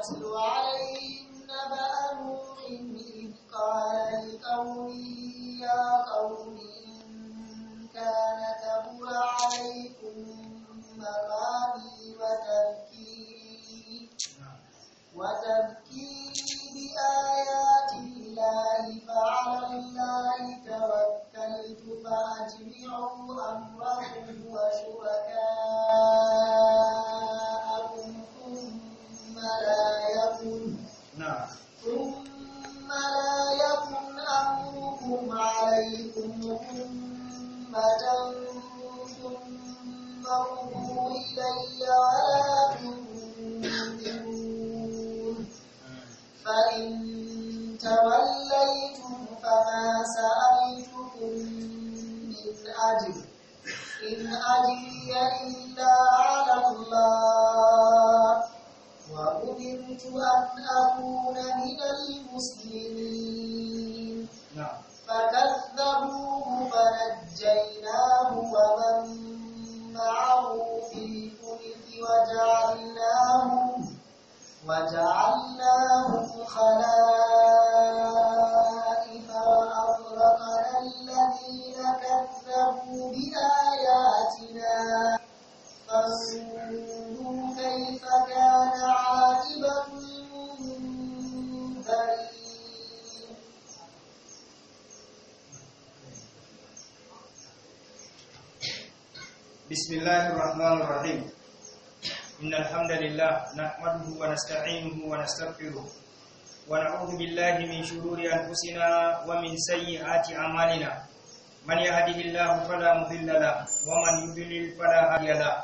To tonight. سيئات أعمالنا من يهده الله فلا مضل له ومن يضلل فلا هادي له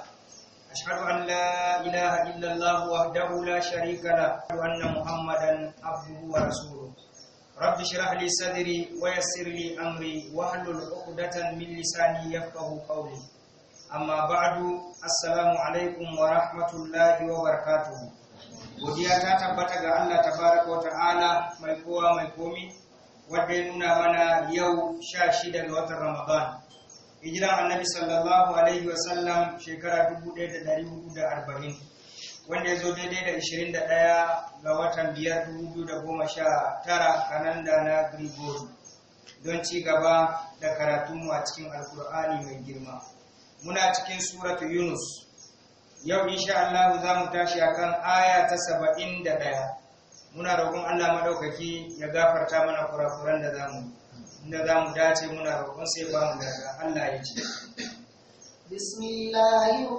أشهد أن لا إله إلا الله وحده لا شريك له وأن محمدا عبده ورسوله رب اشرح لي صدري ويسر لي أمري واحلل عقدة من لساني يفقه قولي amma ba'du assalamu alaikum wa rahmatullahi wa barakatuh godiya ta tabbata ga Allah tabaraka wa ta'ala mai kowa mai komi wadda ya nuna mana yau sha shida ga watan Ramadan. Hijiran annabi sallallahu Alaihi wasallam shekara 1440 wanda ya zo daidai da 21 ga watan kanan kananda na Grigori don ci gaba da karatunmu a cikin Alkur'ani mai girma. Muna cikin suratu Yunus. Yau insha Allah za mu tashi akan aya ta 71. muna roƙon Allah madaukaki ya gafarta mana kurakuran da zamu inda zamu dace muna roƙon sai ba mu daga Allah ya ce bismillahir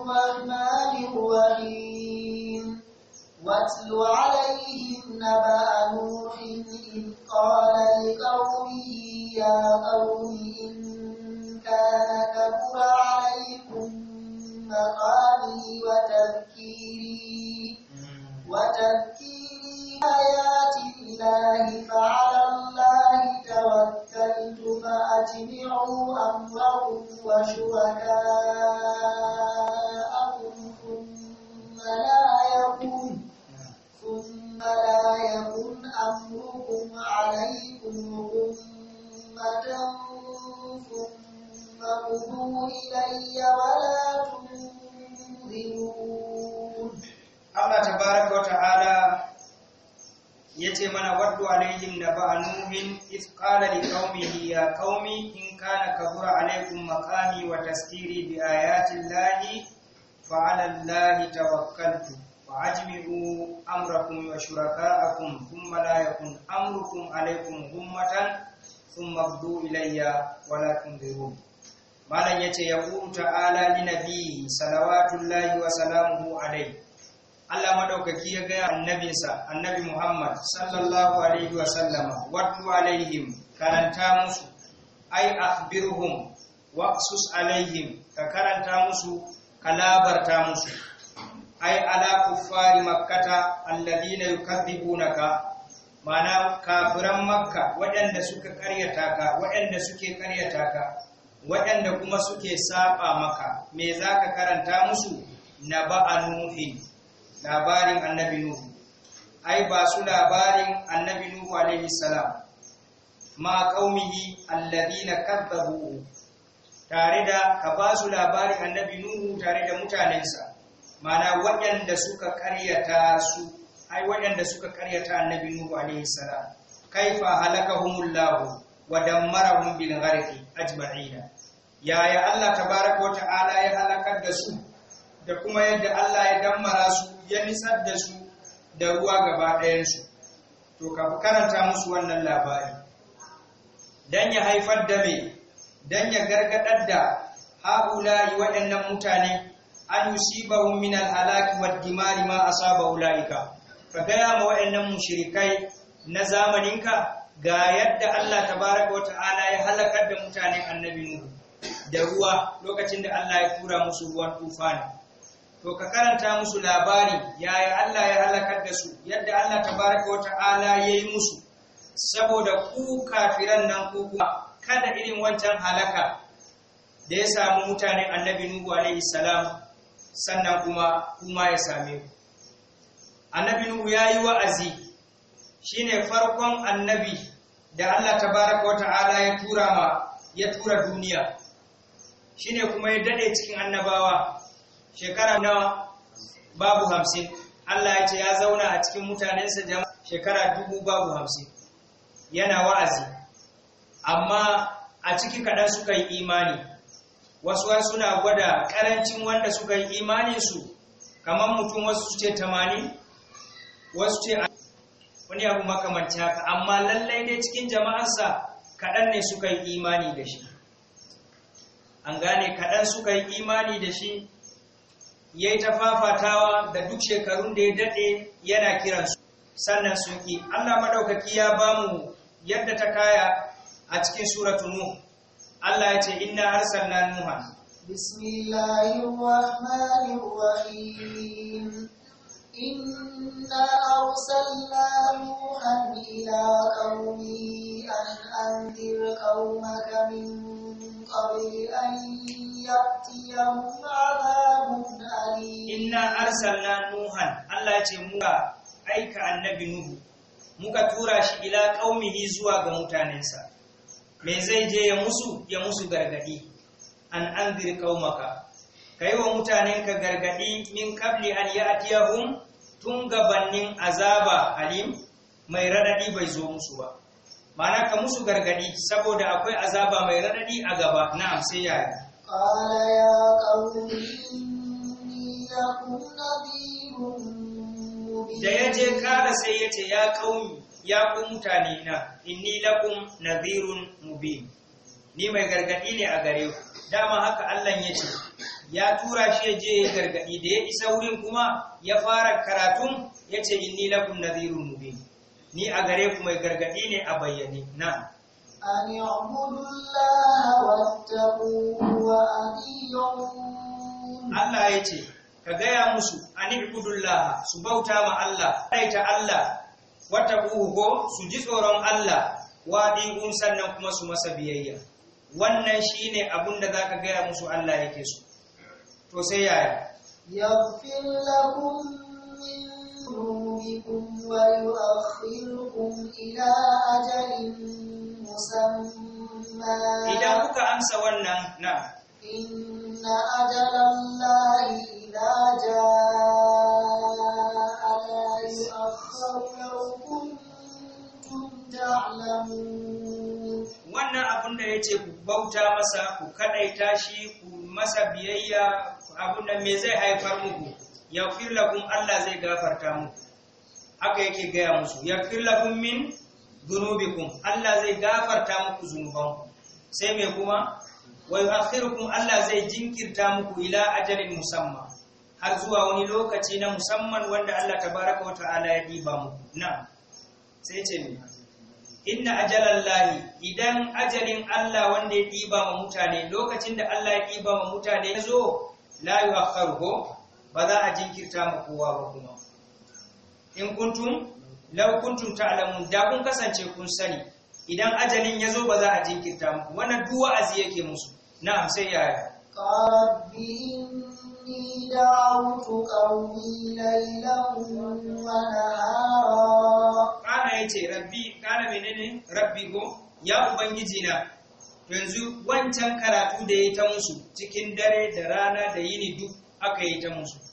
واتل عليهم نبأ نوح إذ قال لقومه يا قوم إن كان كبر عليكم مقامي وتذكيري وتذكيري آيات الله فعلى الله توكلت فأجمعوا أمركم وشركاءكم ثم لا يكون ثم لا يكن أمركم عليكم غمة ثم قضوا إلي ولا تنظرون الله تبارك وتعالى yace mana waddu alaihim ba'a nuhin iz qala qaumihi ya qaumi in kana kabura alaikum maqami wa tasdiri bi ayati llahi fa ala llahi tawakkaltu wa ajmi'u amrakum wa shuraka'akum thumma la yakun amrukum alaikum ghummatan thumma abdu ilayya wa la tunzirun malan yace ya qulu ta'ala linabi salawatullahi wa salamuhu Allah maɗaukaki ya gaya annabinsa annabi Muhammad sallallahu alaihi wa sallama alaihim karanta musu ai akhbirhum waqsus alaihim ka karanta musu kalabarta musu ai ala kuffari makkata alladhina yukadzibunaka mana kafiran makka waɗanda suka karyata ka waɗanda suke karyata ka waɗanda kuma suke saba maka me zaka karanta musu na ba'a nuhin labarin annabi nuhu ai ba su labarin annabi nuhu alaihi salam ma qaumihi alladhina kadzabu tare da ka ba su labarin annabi nuhu tare da mutanensa mana waɗanda suka karyata su ai waɗanda suka karyata annabi nuhu alaihi salam kaifa halakahumullahu wa dammarahum bil gharqi ajma'ina yaya Allah tabaraka wa ta'ala ya halakar da su da kuma yadda Allah ya dammara su ya nisar da su da ruwa gaba ɗayansu to ka fi karanta musu wannan labari Don ya haifar da mai don ya gargaɗar da yi waɗannan mutane an yusibahum min al wa dimari ma saba wula'ika, ka gaya ma waɗannan mushrikai na zamaninka ga yadda Allah ta wa ta'ala ya halakar da mutane annabi Nuhu da ruwa lokacin da Allah ya tura musu ruwan tufani to ka karanta musu labari yaya Allah ya halakar da su yadda Allah tabaraka wa ta'ala ya yi musu saboda ku kafiran nan ku kada irin wancan halaka da ya samu mutane annabi nuhu alaihi salam sannan kuma kuma ya same ku annabi nuhu yayi wa'azi shine farkon annabi da Allah tabaraka wa ta'ala ya tura ma ya tura duniya shine kuma ya dade cikin annabawa shekara nawa babu hamsin Allah ya ce ya zauna a cikin mutanensa jama'a shekara dubu babu hamsin yana wa'azi amma a ciki kaɗan suka yi imani wasu wasu suna gwada ƙarancin wanda suka yi imaninsu kamar mutum wasu ce 80 wasu ce wani abu makamanci haka amma lallai dai cikin jama'ansa kaɗan ne suka yi imani da shi an gane kaɗan suka yi imani da shi ya yi ta fafatawa da duk shekarun da ya daɗe yana kiransu sannan sun ƙi allah maɗaukaki ya bamu yadda ta kaya a cikin suratu nuh allah ya ce inna arsalna nuhan bismillahir rahmanir rahim an قبل أن يأتيهم عذاب أليم إنا أرسلنا نوحا الله يتمنى أيك نوح muka tura shi ila ƙaumihi zuwa ga mutanensa me zai je ya musu ya musu gargadi an ƙaumaka Ka yi wa mutanenka gargadi min kabli an atiyahun tun gabannin azaba halim mai raɗaɗi bai zo musu ba Mana ka musu gargadi saboda akwai azaba mai radadi a gaba na'am ya yi. qala ya qaumi da ya je kala sai ya ce ya ƙauni ya ku mutane na inni lakum nadhirun mubin ni mai gargadi ne a gare ku dama haka Allah ya ce ya tura shi ya je ya gargadi da ya isa wurin kuma ya fara karatun ya ce inni lakum nadhirun mubin ni a gare ku mai gargadi ne a bayyane na an Allah ya ce yace ka gaya musu an yi su bauta ma Allah ta Allah wata ko su ji tsoron Allah wa atiyun sannan kuma su masa biyayya wannan shine abun da zaka gaya musu Allah yake so to sai yaya yaghfir lakum ذنوبكم ويؤخركم إلى أجل مسمى إلى كنت أمس ولا نعم إن أجل الله إذا جاء لا يؤخر لو كنتم تعلمون wannan abun da ya ce ku bauta masa ku kaɗaita shi ku masa biyayya abun da me zai haifar muku yaghfir lakum Allah zai gafarta muku haka yake gaya musu yaghfir lakum min dhunubikum Allah zai gafarta muku zunubanku sai me kuma wa yu'akhirukum Allah zai jinkirta muku ila ajalin musamma har zuwa wani lokaci na musamman wanda Allah tabaraka wa ta'ala ya diba muku na sai ce me inna ajalallahi idan ajalin Allah wanda ya diba mutane lokacin da Allah ya diba mutane yazo zo la yu'akhiruhu ba za a jinkirta ma kowa ba kuma in kuntum law kuntum ta'lamun da kun kasance kun sani idan ajalin yazo zo ba za a jinkirta muku wannan duk wa'azi yake musu na'am sai ya rabbi inni da'utu qawmi laylan wa nahara kana yace rabbi kana menene rabbi go ya ubangiji na yanzu wancan karatu da ya ta musu cikin dare da rana da yini duk aka yi ta musu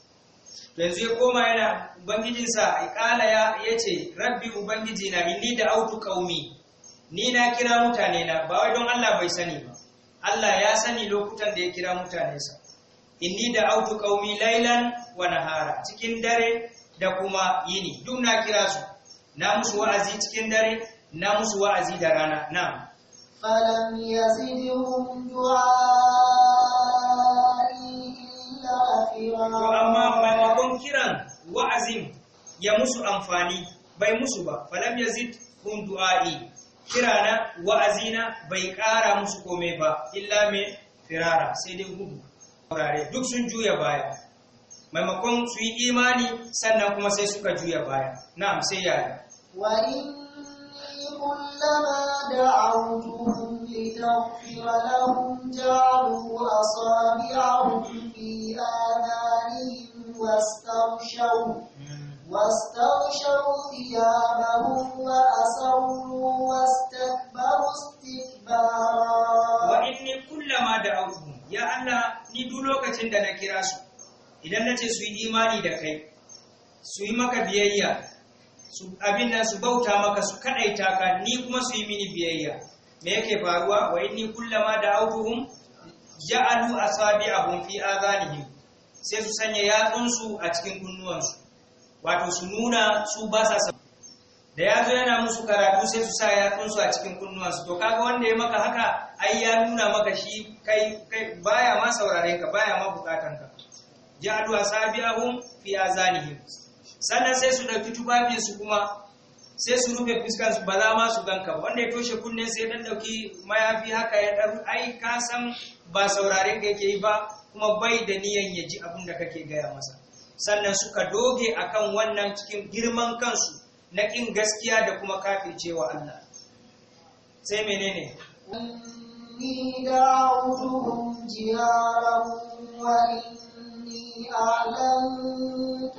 yanzu ya koma yana ubangijinsa ikala ya ce rabbi ubangiji na inni da autu kaumi ni na kira mutane na ba wai don Allah bai sani ba Allah ya sani lokutan da ya kira mutanensa inni da autu kaumi lailan wa nahara cikin dare da kuma yini duk na kira su na musu wa'azi cikin dare na musu wa'azi da rana na falam du'a azim ya musu amfani bai musu ba falam yazid kun du'a'i kirana wa'azina bai ƙara musu komai ba illa me firara sai dai gudu wurare duk sun juya baya maimakon su yi imani sannan kuma sai suka juya baya na'am sai yaya wa كلما دعوتهم لتغفر لهم جعلوا أصابعهم في واستغشوا واستغشوا ثيابهم وأسروا واستكبروا استكبارا وإني كلما دعوتهم يا الله ندولوك تندنا كراسو idan na ce su yi imani da kai su yi maka biyayya su abin nan su bauta maka su kadaita ka ni kuma su yi mini biyayya me yake faruwa wa inni kullama da a ja'alu asabi'ahum fi adhanihim sai su sanya yatsunsu a cikin kunnuwansu wato su nuna su ba sa da ya zo yana musu karatu sai su sa yatsunsu a cikin kunnuwansu to kaga wanda ya maka haka ai ya nuna maka shi kai kai baya ma saurare ka baya ma bukatan ka ja'alu asabi'ahum fi azanihim sannan sai su dauki tubabin su kuma sai su rufe fuskar su ba za ma su ganka wanda ya toshe kunne sai dan dauki mayafi haka ya dan ai ka san ba saurare ka yake yi ba kuma bai da niyan ya ji abin da kake gaya masa sannan suka doge akan wannan cikin girman kansu na ƙin gaskiya da kuma kafircewa Allah sai menene إني دعوتهم جهارا وإني أعلنت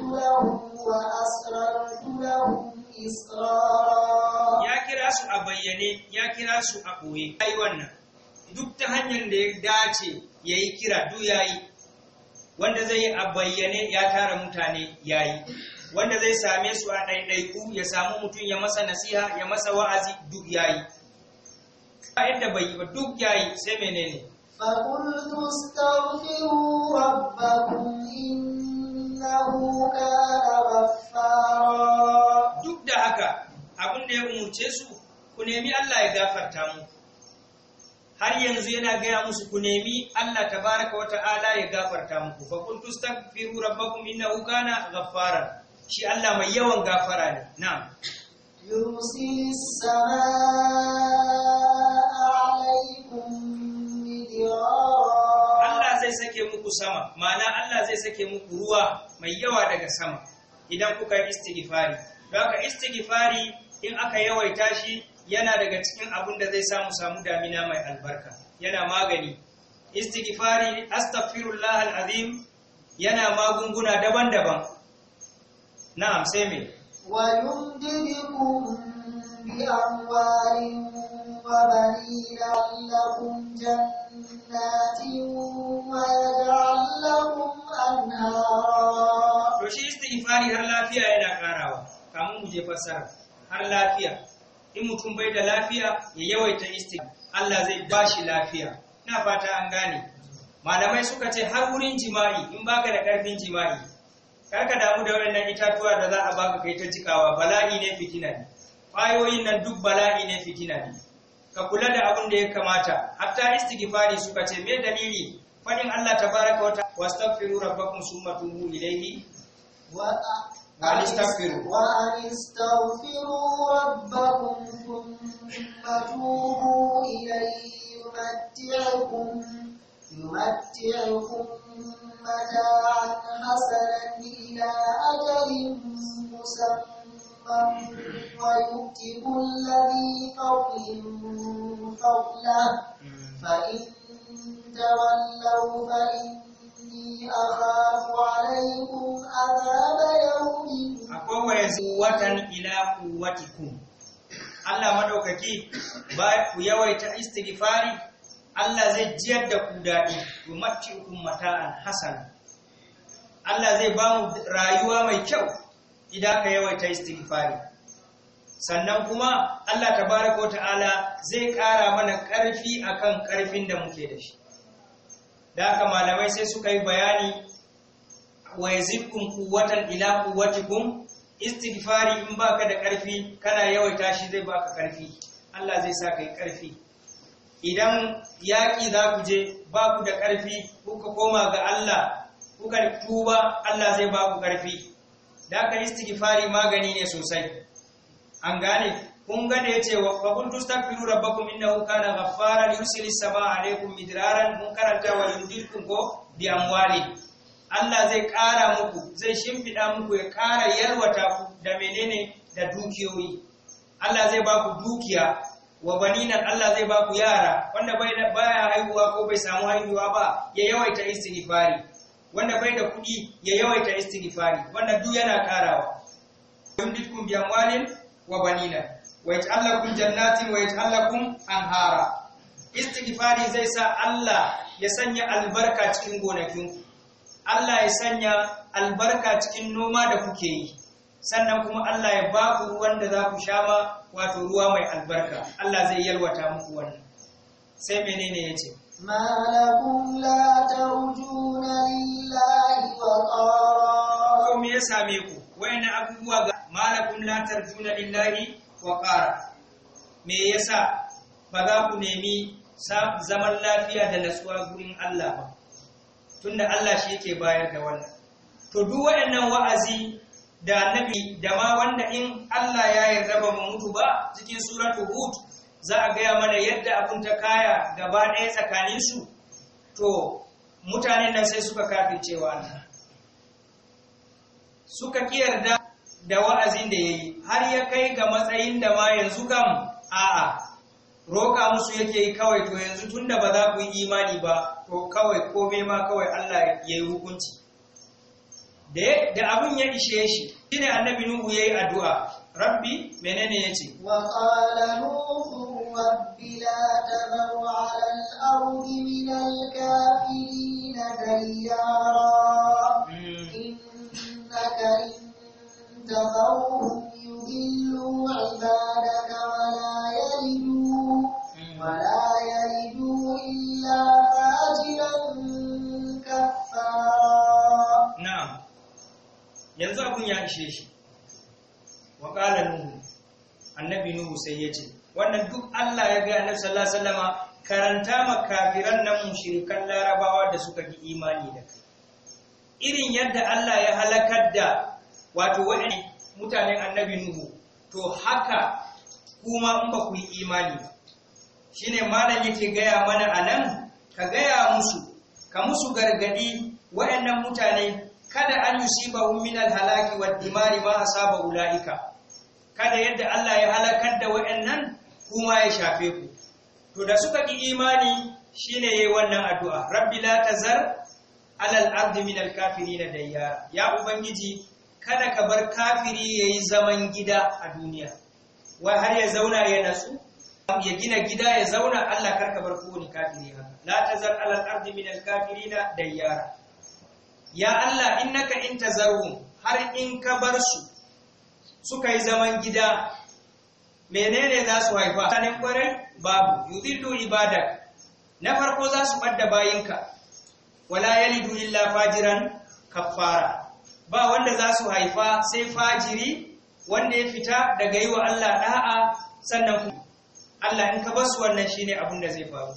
ya kira su a يا كراس wannan duk ta hanyar da ya dace ya yi kira du ya yi wanda zai yi a bayyane ya tara mutane ya yi wanda zai same su a ɗaiɗaiku ya samu mutum ya masa nasiha ya masa wa'azi duk ya yi a yadda bai yi ba duk ya yi sai menene ne duk da haka abin da ya umurce su ku nemi Allah ya gafarta mu har yanzu yana gaya musu ku nemi Allah tabaraka wa ta'ala ya gafarta muku fa kuntu astaghfiru rabbakum innahu kana ghaffara shi Allah mai yawan gafara ne na'am alaikum Allah zai sake muku sama ma'ana Allah zai sake muku ruwa mai yawa daga sama idan kuka yi istighfari don haka istighfari in aka yawaita shi yana daga cikin abin da zai samu samu damina mai albarka yana magani istighfari astaghfirullah alazim yana magunguna daban-daban na'am sai me wa yumdidukum bi amwalin wa banin lakum jannatin wa yaj'al lakum anhara to shi istighfari har lafiya yana karawa kamun mu je fassara har lafiya in mutum bai da lafiya ya yawaita istighfar Allah zai ba shi lafiya ina fata an gane malamai suka ce har wurin jima'i in baka da karfin jima'i karka damu da wannan itatuwa da za a baka kai ta jikawa bala'i ne fitina ne kwayoyin nan duk bala'i ne fitina ne ka kula da abin da ya kamata hatta istighfari suka ce me dalili fadin Allah tabaraka wa ta'ala wastaghfiru rabbakum summa tubu ilayhi wa أن استغفروا وأن استغفروا ربكم ثم توبوا إليه يمتعكم يمتعكم متاعا حسنا إلى أجل مسمى ويؤتب الذي فضل فضله فإن تولوا فإني أخاف quwwatan ila quwwatikum Allah madaukaki ba ku yawaita istighfari Allah zai jiyar da ku dadi yumattiukum mata'an hasan Allah zai ba mu rayuwa mai kyau idan ka yawaita istighfari sannan kuma Allah tabaraka ta'ala zai ƙara mana ƙarfi akan ƙarfin da muke da shi da haka malamai sai suka yi bayani wa yazidkum quwwatan ila quwwatikum istighfari in baka da ƙarfi kana yawaita shi zai baka ƙarfi Allah zai sa kai ƙarfi idan yaƙi za ku je ba ku da ƙarfi kuka koma ga Allah kuka tuba Allah zai ba ku ƙarfi da ka istighfari magani ne sosai an gane kun gane yace wa qul tustaghfiru rabbakum innahu kana ghaffaran yursilis samaa alaykum midraran mun karanta wa yumdidkum bi amwali Allah zai ƙara muku zai shimfiɗa muku ya ƙara yalwata ku da menene da dukiyoyi Allah zai ba ku dukiya wa baninan Allah zai ba ku yara wanda bai da baya haihuwa ko bai samu haihuwa ba ya yawaita istighfari wanda bai da kuɗi ya yawaita istighfari wanda duk yana ƙarawa yumditkum bi amwalin wa banina wa yaj'al jannatin wa yaj'al anhara istighfari zai sa Allah ya sanya albarka cikin gonakinku Allah ya sanya albarka cikin noma da kuke yi sannan kuma Allah ya ba ku ruwan da za ku sha ma wato ruwa mai albarka Allah zai yalwata muku wannan sai menene ya ce ma lakum lillahi wa ƙara Kuma ya same ku wayannan abubuwa ga malakun lakum la tarjuna lillahi wa ƙara. me yasa ba za ku nemi zaman lafiya da nasuwa gurin Allah ba tunda Allah shi yake bayar da wannan to duk waɗannan wa'azi da annabi da ma wanda in Allah ya yarda ba mutu ba cikin suratu hud za a gaya mana yadda abun ta kaya gaba ɗaya tsakanin su to mutanen nan sai suka kafin cewa Allah suka kiyarda da wa'azin da yayi har ya kai ga matsayin da ma yanzu kam a'a roƙa musu yake yi kawai to yanzu tunda ba za ku yi imani ba to kawai komai ma kawai Allah ya yi hukunci da abin ya ishe shi shine annabi nuhu yayi addu'a rabbi menene yace wa qala nuhu rabbi la tadaw 'ala al-ardi min al-kafirin yanzu abun ya ishe shi wa ƙala nuhu annabi nuhu sai ya ce wannan duk Allah ya gaya na Sallah, Sallama karanta ma kafiran nan mushrikan larabawa da suka bi imani da kai irin yadda Allah ya halakar da wato wani mutanen annabi nuhu to haka kuma in ba ku yi imani ba shine malam yake gaya mana anan ka gaya musu ka musu gargadi waɗannan mutane kada an yi yusibahum min alhalaki wa dimari ma saba ulaika kada yadda Allah ya halakar da wayannan kuma ya shafe ku to da suka ki imani shine yayi wannan addu'a rabbi la tazar alal ardi min alkafirin dayyara ya ubangiji kada ka bar kafiri yayi zaman gida a duniya wai har ya zauna ya natsu ya gina gida ya zauna Allah karka bar kowani kafiri haka la tazar alal ardi min alkafirin dayyara ya Allah in innaka in zarhu har in ka bar su suka yi zaman gida menene za su haifa tanin kwarai babu yudillu ibadak na farko za su ɓadda bayinka wala yalidu illa fajiran kaffara ba wanda za su haifa sai fajiri wanda ya fita daga yi wa Allah da'a sannan kuma Allah in ka bar su wannan shine abin da zai faru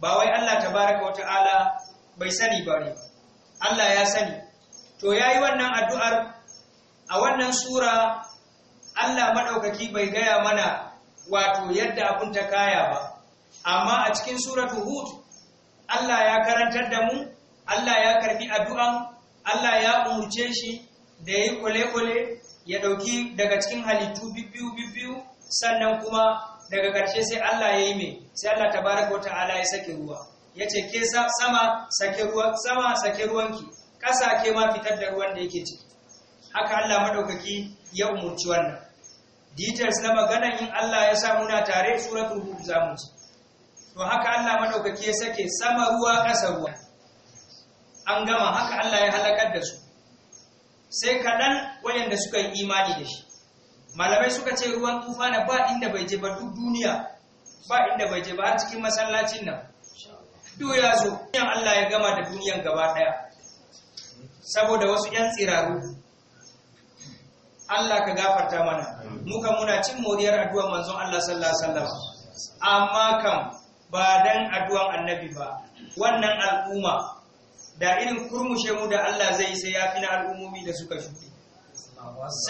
ba wai Allah tabaraka wa ta'ala bai sani ba ne Allah ya sani to yayi wannan addu'ar a wannan sura Allah madaukaki bai gaya mana wato yadda abun ta kaya ba amma a cikin suratu hud Allah ya karantar da mu Allah ya karbi addu'an Allah ya umurce shi da yi kole-kole ya ɗauki daga cikin halittu bibbiyu bibbiyu sannan kuma daga ƙarshe sai Allah ya yi mai sai Allah tabaraka wa ta'ala ya sake ruwa yace ke sama sake ruwan sama sake ruwanki ƙasa ke ma fitar da ruwan da yake ciki haka Allah madaukaki ya umurci wannan details na maganan in Allah ya sa muna tare suratul hud zamu ci to haka Allah madaukaki ya sake sama ruwa ƙasa ruwa an gama haka Allah ya halakar da su sai kaɗan wayanda suka yi imani da shi malamai suka ce ruwan tufana ba inda bai je ba duk duniya ba inda bai je ba har cikin masallacin nan duk ya zo yan Allah ya gama da duniyan gaba daya saboda wasu yan tsiraru Allah ka gafarta mana muka muna cin moriyar addu'a manzon Allah sallallahu alaihi wasallam amma kam ba dan addu'an annabi ba wannan al'umma da irin kurmushe mu da Allah zai sai ya fi na al'ummomi da suka shuɗe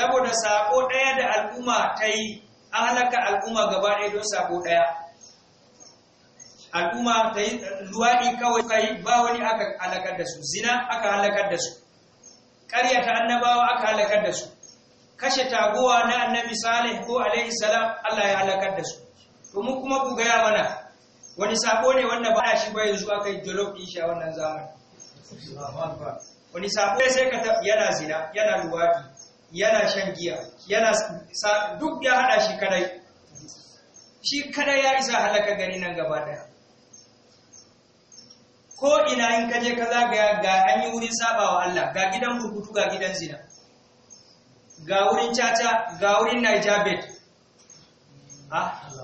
saboda sako ɗaya da al'umma ta yi an halaka al'umma gaba ɗaya don sako ɗaya al'umma ta yi luwaɗi kawai yi ba wani aka halakar da su zina aka halakar da su ta annabawa aka halakar da su kashe taguwa na annabi salih ko alaihi salam Allah ya halakar da su to mu kuma ku gaya mana wani sako ne wanda ba shi ba yanzu aka yi jolof din shi a wannan zamani wani sako sai ka yana zina yana luwaɗi yana shan giya yana duk ya hada shi kadai shi kadai ya isa halaka gari nan gaba daya ko ina in ka je ka zagaya ga an yi wurin sabawa Allah ga gidan burkutu ga gidan zina ga wurin caca ga wurin Nijabet ha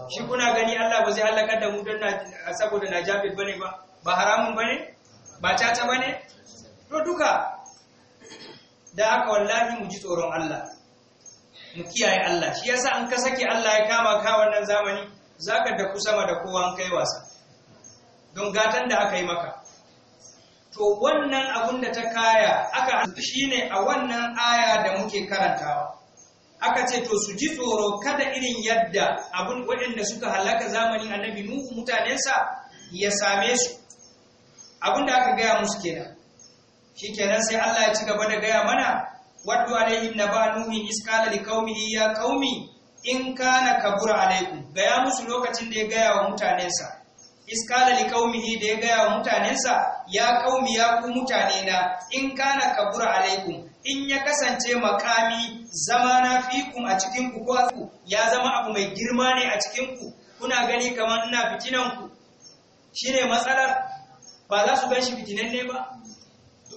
shi kuna gani Allah ba zai halakar da mu don saboda Nijabet bane ba ba haramun bane ba caca bane to duka da haka wallahi mu ji tsoron Allah mu kiyaye Allah shi yasa an ka sake Allah ya kama ka wannan zamani zaka da ku sama da kowa an kai wasa don gatan da aka yi maka to wannan abun da ta kaya aka ne a wannan aya da muke karantawa aka ce to su ji tsoro kada irin yadda abun waɗanda suka halaka zamanin annabi nuhu mutanensa ya same su abun da aka gaya musu kenan shi kenan sai Allah ya ci gaba da gaya mana waddu alaihi naba nuhi iskala liqaumihi ya qaumi in kana kabura alaikum gaya musu lokacin da ya gaya wa mutanensa iskala li qaumihi da ya gaya wa mutanensa ya qaumi ya ku mutane na in kana kabura alaikum in ya kasance makami zamana fikum a cikin ku ko ya zama abu mai girma ne a cikin ku kuna gani kamar ina fitinan ku shine matsalar ba za su ganshi fitinan ne ba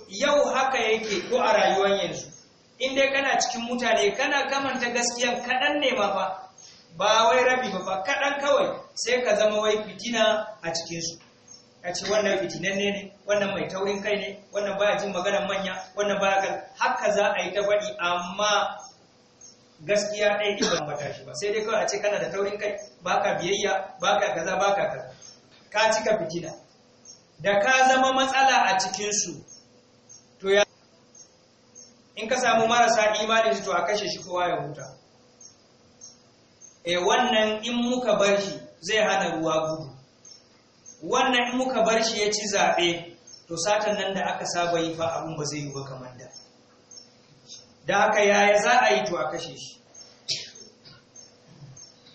yau haka yake ko a rayuwar yanzu in dai kana cikin mutane kana kamanta gaskiya kaɗan ne ma fa ba wai rabi ba kaɗan kawai sai ka zama wai fitina a cikinsu a ce wannan fitinan ne wannan mai taurin kai ne wannan baya jin maganar manya wannan baya kan haka za a yi ta faɗi amma gaskiya ɗaya ɗin ban bata shi ba sai dai kawai a ce kana da taurin kai baka biyayya baka kaza baka kaza ka cika fitina da ka zama matsala a cikinsu to ya in ka samu marasa imani to a kashe shi kowa ya huta e wannan in muka bar shi zai hana ruwa gudu wannan in muka bar shi ya ci zaɓe to satan nan da aka saba yi fa abin ba zai yi ba kamar da da haka yaya za a yi to a kashe shi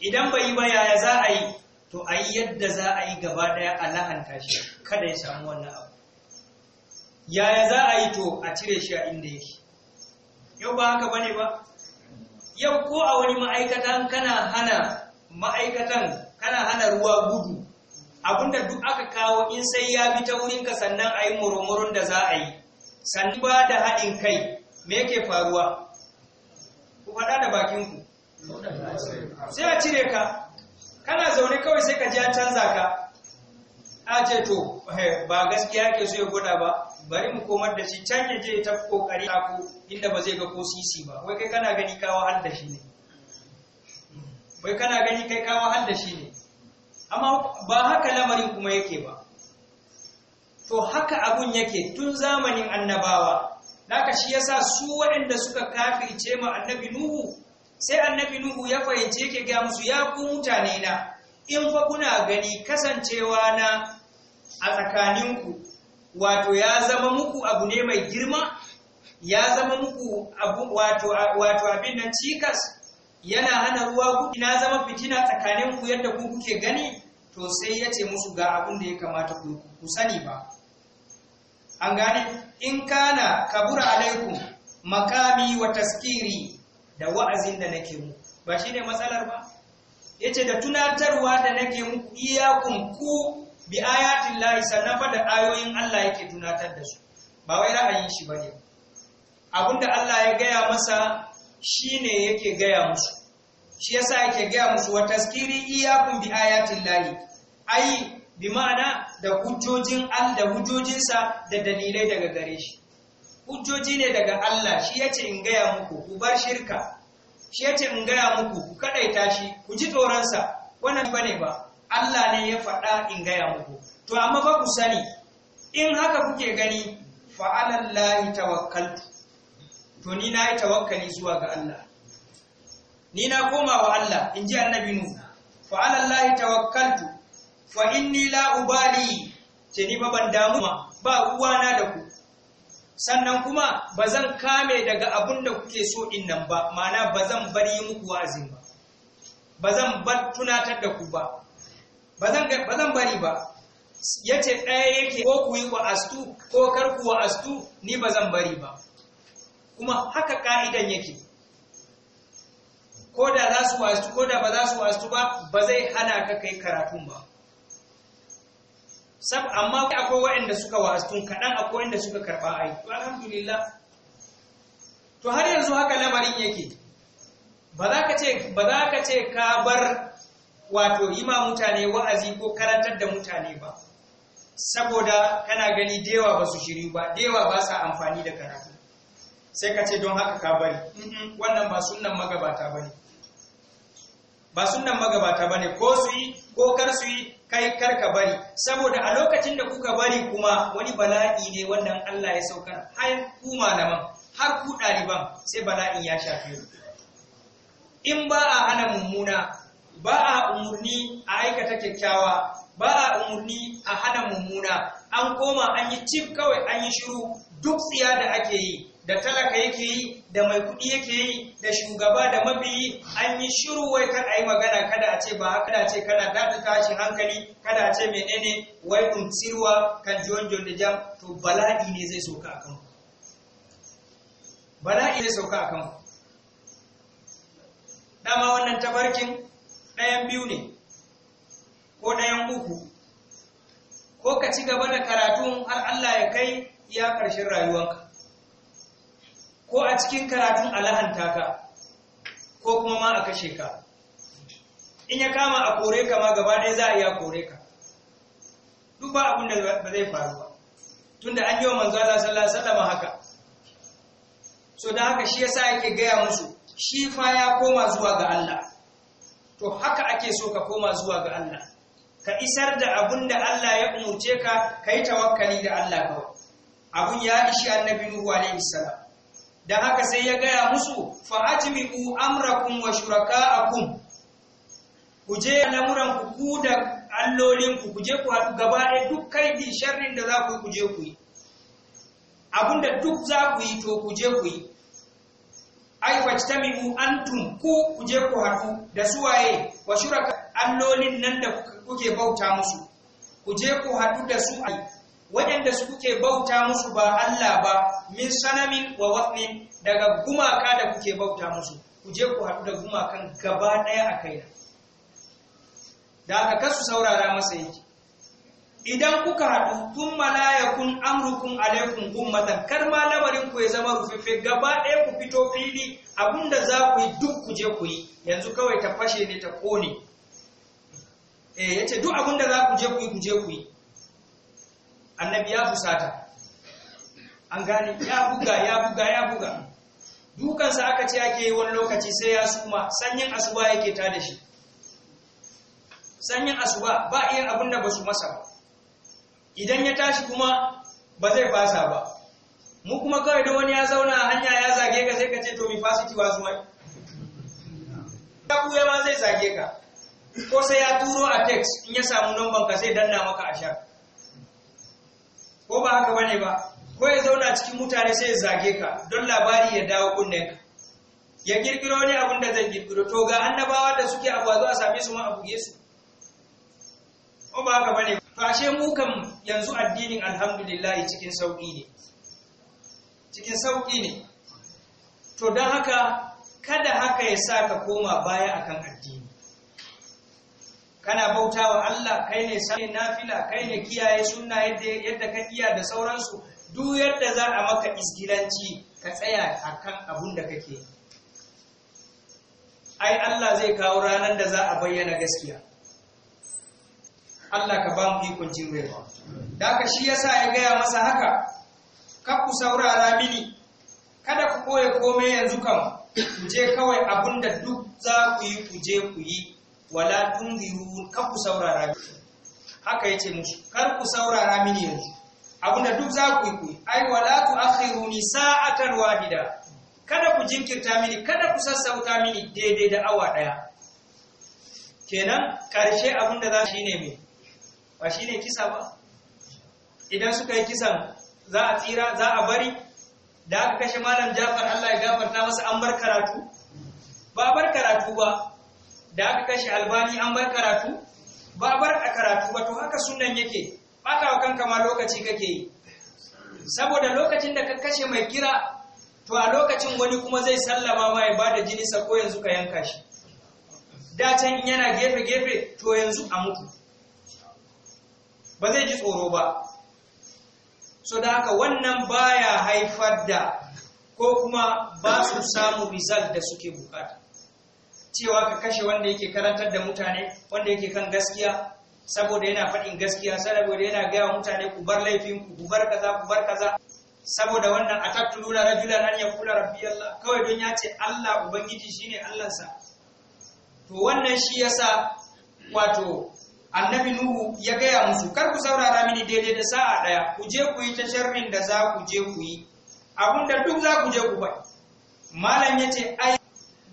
idan bai yi ba yaya za a yi to a yi yadda za a yi gaba ɗaya a lahanta shi kada ya samu wannan abu yaya za a yi to a cire shi a inda yake yau ba haka bane ba yau ko a wani ma'aikatan kana hana ma'aikatan kana hana ruwa gudu abinda duk aka kawo in sai ya bi ta wurinka sannan a yi murmurun da za a yi sannan ba da haɗin kai me yake faruwa ku faɗa da bakinku sai a cire ka kana zaune kawai sai ka ji canza ka a ce to eh, ba gaskiya ke so ya gwada ba bari mu komar da shi can ya je ta kokari ku inda ba zai ga ko sisi ba wai kai kana gani ka wahal da shi ne wai kana gani kai ka wahal da shi ne amma ba haka lamarin kuma yake ba to haka abun yake tun zamanin annabawa naka shi yasa su waɗanda suka kafirce ma annabi nuhu sai annabi nuhu ya fahimce yake ga musu ya ku mutane na in fa kuna gani kasancewa na a tsakaninku wato ya zama muku abu ne mai girma ya zama muku abu wato wato abin nan cikas yana hana ruwa gudu na zama fitina tsakanin ku yadda ku kuke gani to sai ya ce musu ga abin da ya kamata ku sani ba an gane in kana kabura alaikum makami wa taskiri da wa'azin da nake mu ba shine matsalar ba yace da tunatarwa da nake muku iyakun ku bi ayatin lahi sannan fa da ayoyin Allah yake tunatar da su ba wai ra'ayin shi bane abinda Allah ya gaya masa shine yake gaya musu shi yasa yake gaya musu wa taskiri iyakum bi ayatin lahi ai bi ma'ana da hujjojin Allah da hujjojinsa da dalilai daga gare shi hujjoji ne daga Allah shi yace in gaya muku ku bar shirka shi yace in gaya muku ku kadaita shi ku ji tsoron sa wannan bane ba Allah ne ya faɗa in gaya muku to amma ba ku sani in haka kuke gani fa alallahi tawakkaltu to ni na yi tawakkali zuwa ga Allah ni na koma wa Allah in ji annabi nu fa alallahi tawakkaltu fa inni la ubali ce ni ba ban damu ba uwana da ku sannan kuma bazan kame daga abun da kuke so din nan ba ma'ana bazan zan bari muku wa'azin ba ba zan bar tunatar da ku ba ba zan bari ba ya ce ɗaya yake ko ku yi wa'astu ko kar ku wa'astu ni ba zan bari ba kuma haka ƙa'idan yake ko da za su wa'astu ko da ba za su wa'astu ba ba zai hana ka kai karatun ba sab amma akwai waɗanda suka wa'astun kaɗan akwai waɗanda suka karɓa ai to alhamdulillah to har yanzu haka lamarin yake ba za ka ce ba za ka ce ka bar wato yi ma mutane wa'azi ko karantar da mutane ba saboda kana gani dewa ba su shiri ba dewa ba sa amfani da karatu sai ka ce don haka ka bari wannan ba sunan magabata ba ne ba sunan magabata ba ne ko su yi ko kar su yi kai kar ka bari saboda a lokacin da kuka bari kuma wani bala'i ne wannan Allah ya saukar har ku malaman har ku ɗaliban sai bala'in ya shafe in ba a hana mummuna ba a umurni a aikata kyakkyawa ba a umurni a hana mummuna an koma an yi cif kawai an yi shiru duk tsiya da ake yi da talaka yake yi da mai kuɗi yake yi da shugaba da mabiyi an yi shiru wai kar a yi magana kada a ce ba kada a ce kana daɗa tashin hankali kada a ce menene wai tsirwa kan jonjon da jam to bala'i ne zai soka a kanku bala'i zai sauka a kanku dama wannan tabarkin ɗayan biyu ne ko ɗayan uku ko ka ci gaba da karatun har Allah ya kai iya ƙarshen rayuwanka ko a cikin karatun alahanta ka ko kuma ma a kashe ka in ya kama a kore ka ma gaba ɗaya za a iya kore ka duk ba abin da ba zai faru ba tunda an yi wa manzo Allah sallallahu alaihi wasallam haka so da haka shi yasa yake gaya musu shi fa ya koma zuwa ga Allah to haka ake so ka koma zuwa ga Allah ka isar da abun da Allah ya umurce ka kai tawakkali da Allah kawai abun ya ishi annabi Nuhu alaihi salam dan haka sai ya gaya musu fa atmi'u amrakum wa shuraka'akum ku je lamuran ku ku da allolin ku kuje ku haɗu gaba ɗaya duk kai sharrin da za ku yi ku ku yi duk za ku yi to kuje kuyi. ku yi ai fajtamiu antum ku kuje ku haɗu da suwaye wa shuraka allolin nan da kuke bauta musu kuje ku haɗu da su ai waɗanda su kuke bauta musu ba Allah ba min sanamin wa watnin daga gumaka da kuke bauta musu kuje ku haɗu da gumakan gaba ɗaya a kaina da aka kasu saurara masa yake idan kuka haɗu kun ya kun amrukun alaikun gummatan kar ma lamarin ku ya zama rufe-rufe, gaba ɗaya ku fito fili abinda za ku yi duk ku je ku yi yanzu kawai ta fashe ne ta kone eh ce duk abinda za ku je ku yi ku je ku yi annabi ya fusata an gane ya buga ya buga ya buga dukansa aka ce ake yi wani lokaci sai ya suma sanyin asuba yake ta da shi sanyin asuba ba iya abinda ba su masa ba idan ya tashi kuma ba zai fasa ba mu kuma kawai da wani ya zauna a hanya ya zage ka sai ka ce to mi fasiti wasu mai ta ya ma zai zage ka ko sai ya turo a text in ya samu numban ka sai danna maka a shar ko ba haka bane ba ko ya zauna cikin mutane sai ya zage ka don labari ya dawo kunnen ka ya kirkiro ne abin da zai kirkiro to ga annabawa da suke abuwa a same su ma a buge su ko ba haka bane Fashe ashe yanzu addinin alhamdulillah cikin sauƙi ne cikin sauƙi ne to don haka kada haka ya sa ka koma baya akan addini kana bautawa Allah kai ne sai nafila kai ne kiyaye sunna yadda yadda ka iya da sauransu duk yadda za a maka isgilanci ka tsaya akan abun da kake ai Allah zai kawo ranar da za a bayyana gaskiya Allah ka ba mu ikon jirewa da ka shi yasa ya gaya masa haka kar ku saurara mini kada ku koya komai yanzu kan ku je kawai abinda duk za ku yi ku je ku yi wala tunziru kar ku saurara mini haka ya ce musu kar ku saurara mini yanzu abinda duk za ku yi ku yi ai wala ni sa'atar wahida kada ku jinkirta mini kada ku sassauta mini daidai da awa ɗaya. kenan abin abinda za shi ne mai ba shi ne kisa ba idan suka yi kisan za a tsira za a bari da aka kashe malam jafar allah ya gafarta masa an bar karatu ba bar karatu ba da aka kashe albani an bar karatu ba bar a karatu ba to haka sunan yake ɓata wa kanka ma lokaci kake yi saboda lokacin da ka kashe mai kira to a lokacin wani kuma zai sallama ma ya ba da sa ko yanzu ka yanka shi da can yana gefe-gefe to yanzu a mutu ba zai ji tsoro ba so da haka wannan baya haifar da ko kuma ba su samu result da suke bukata cewa ka kashe wanda yake karantar da mutane wanda yake kan gaskiya saboda yana faɗin gaskiya saboda yana gaya mutane ku bar laifin, ku bar kaza ku bar kaza saboda wannan a tattuluna rajulan an kula rabbi Allah kawai don ya ce Allah ubangiji shine sa. to wannan shi yasa wato annabi nuhu ya gaya musu kar ku saurara mini daidai da sa'a ɗaya, ku je ku yi ta sharrin da za ku je ku yi da duk za ku je ku bai malam ce ai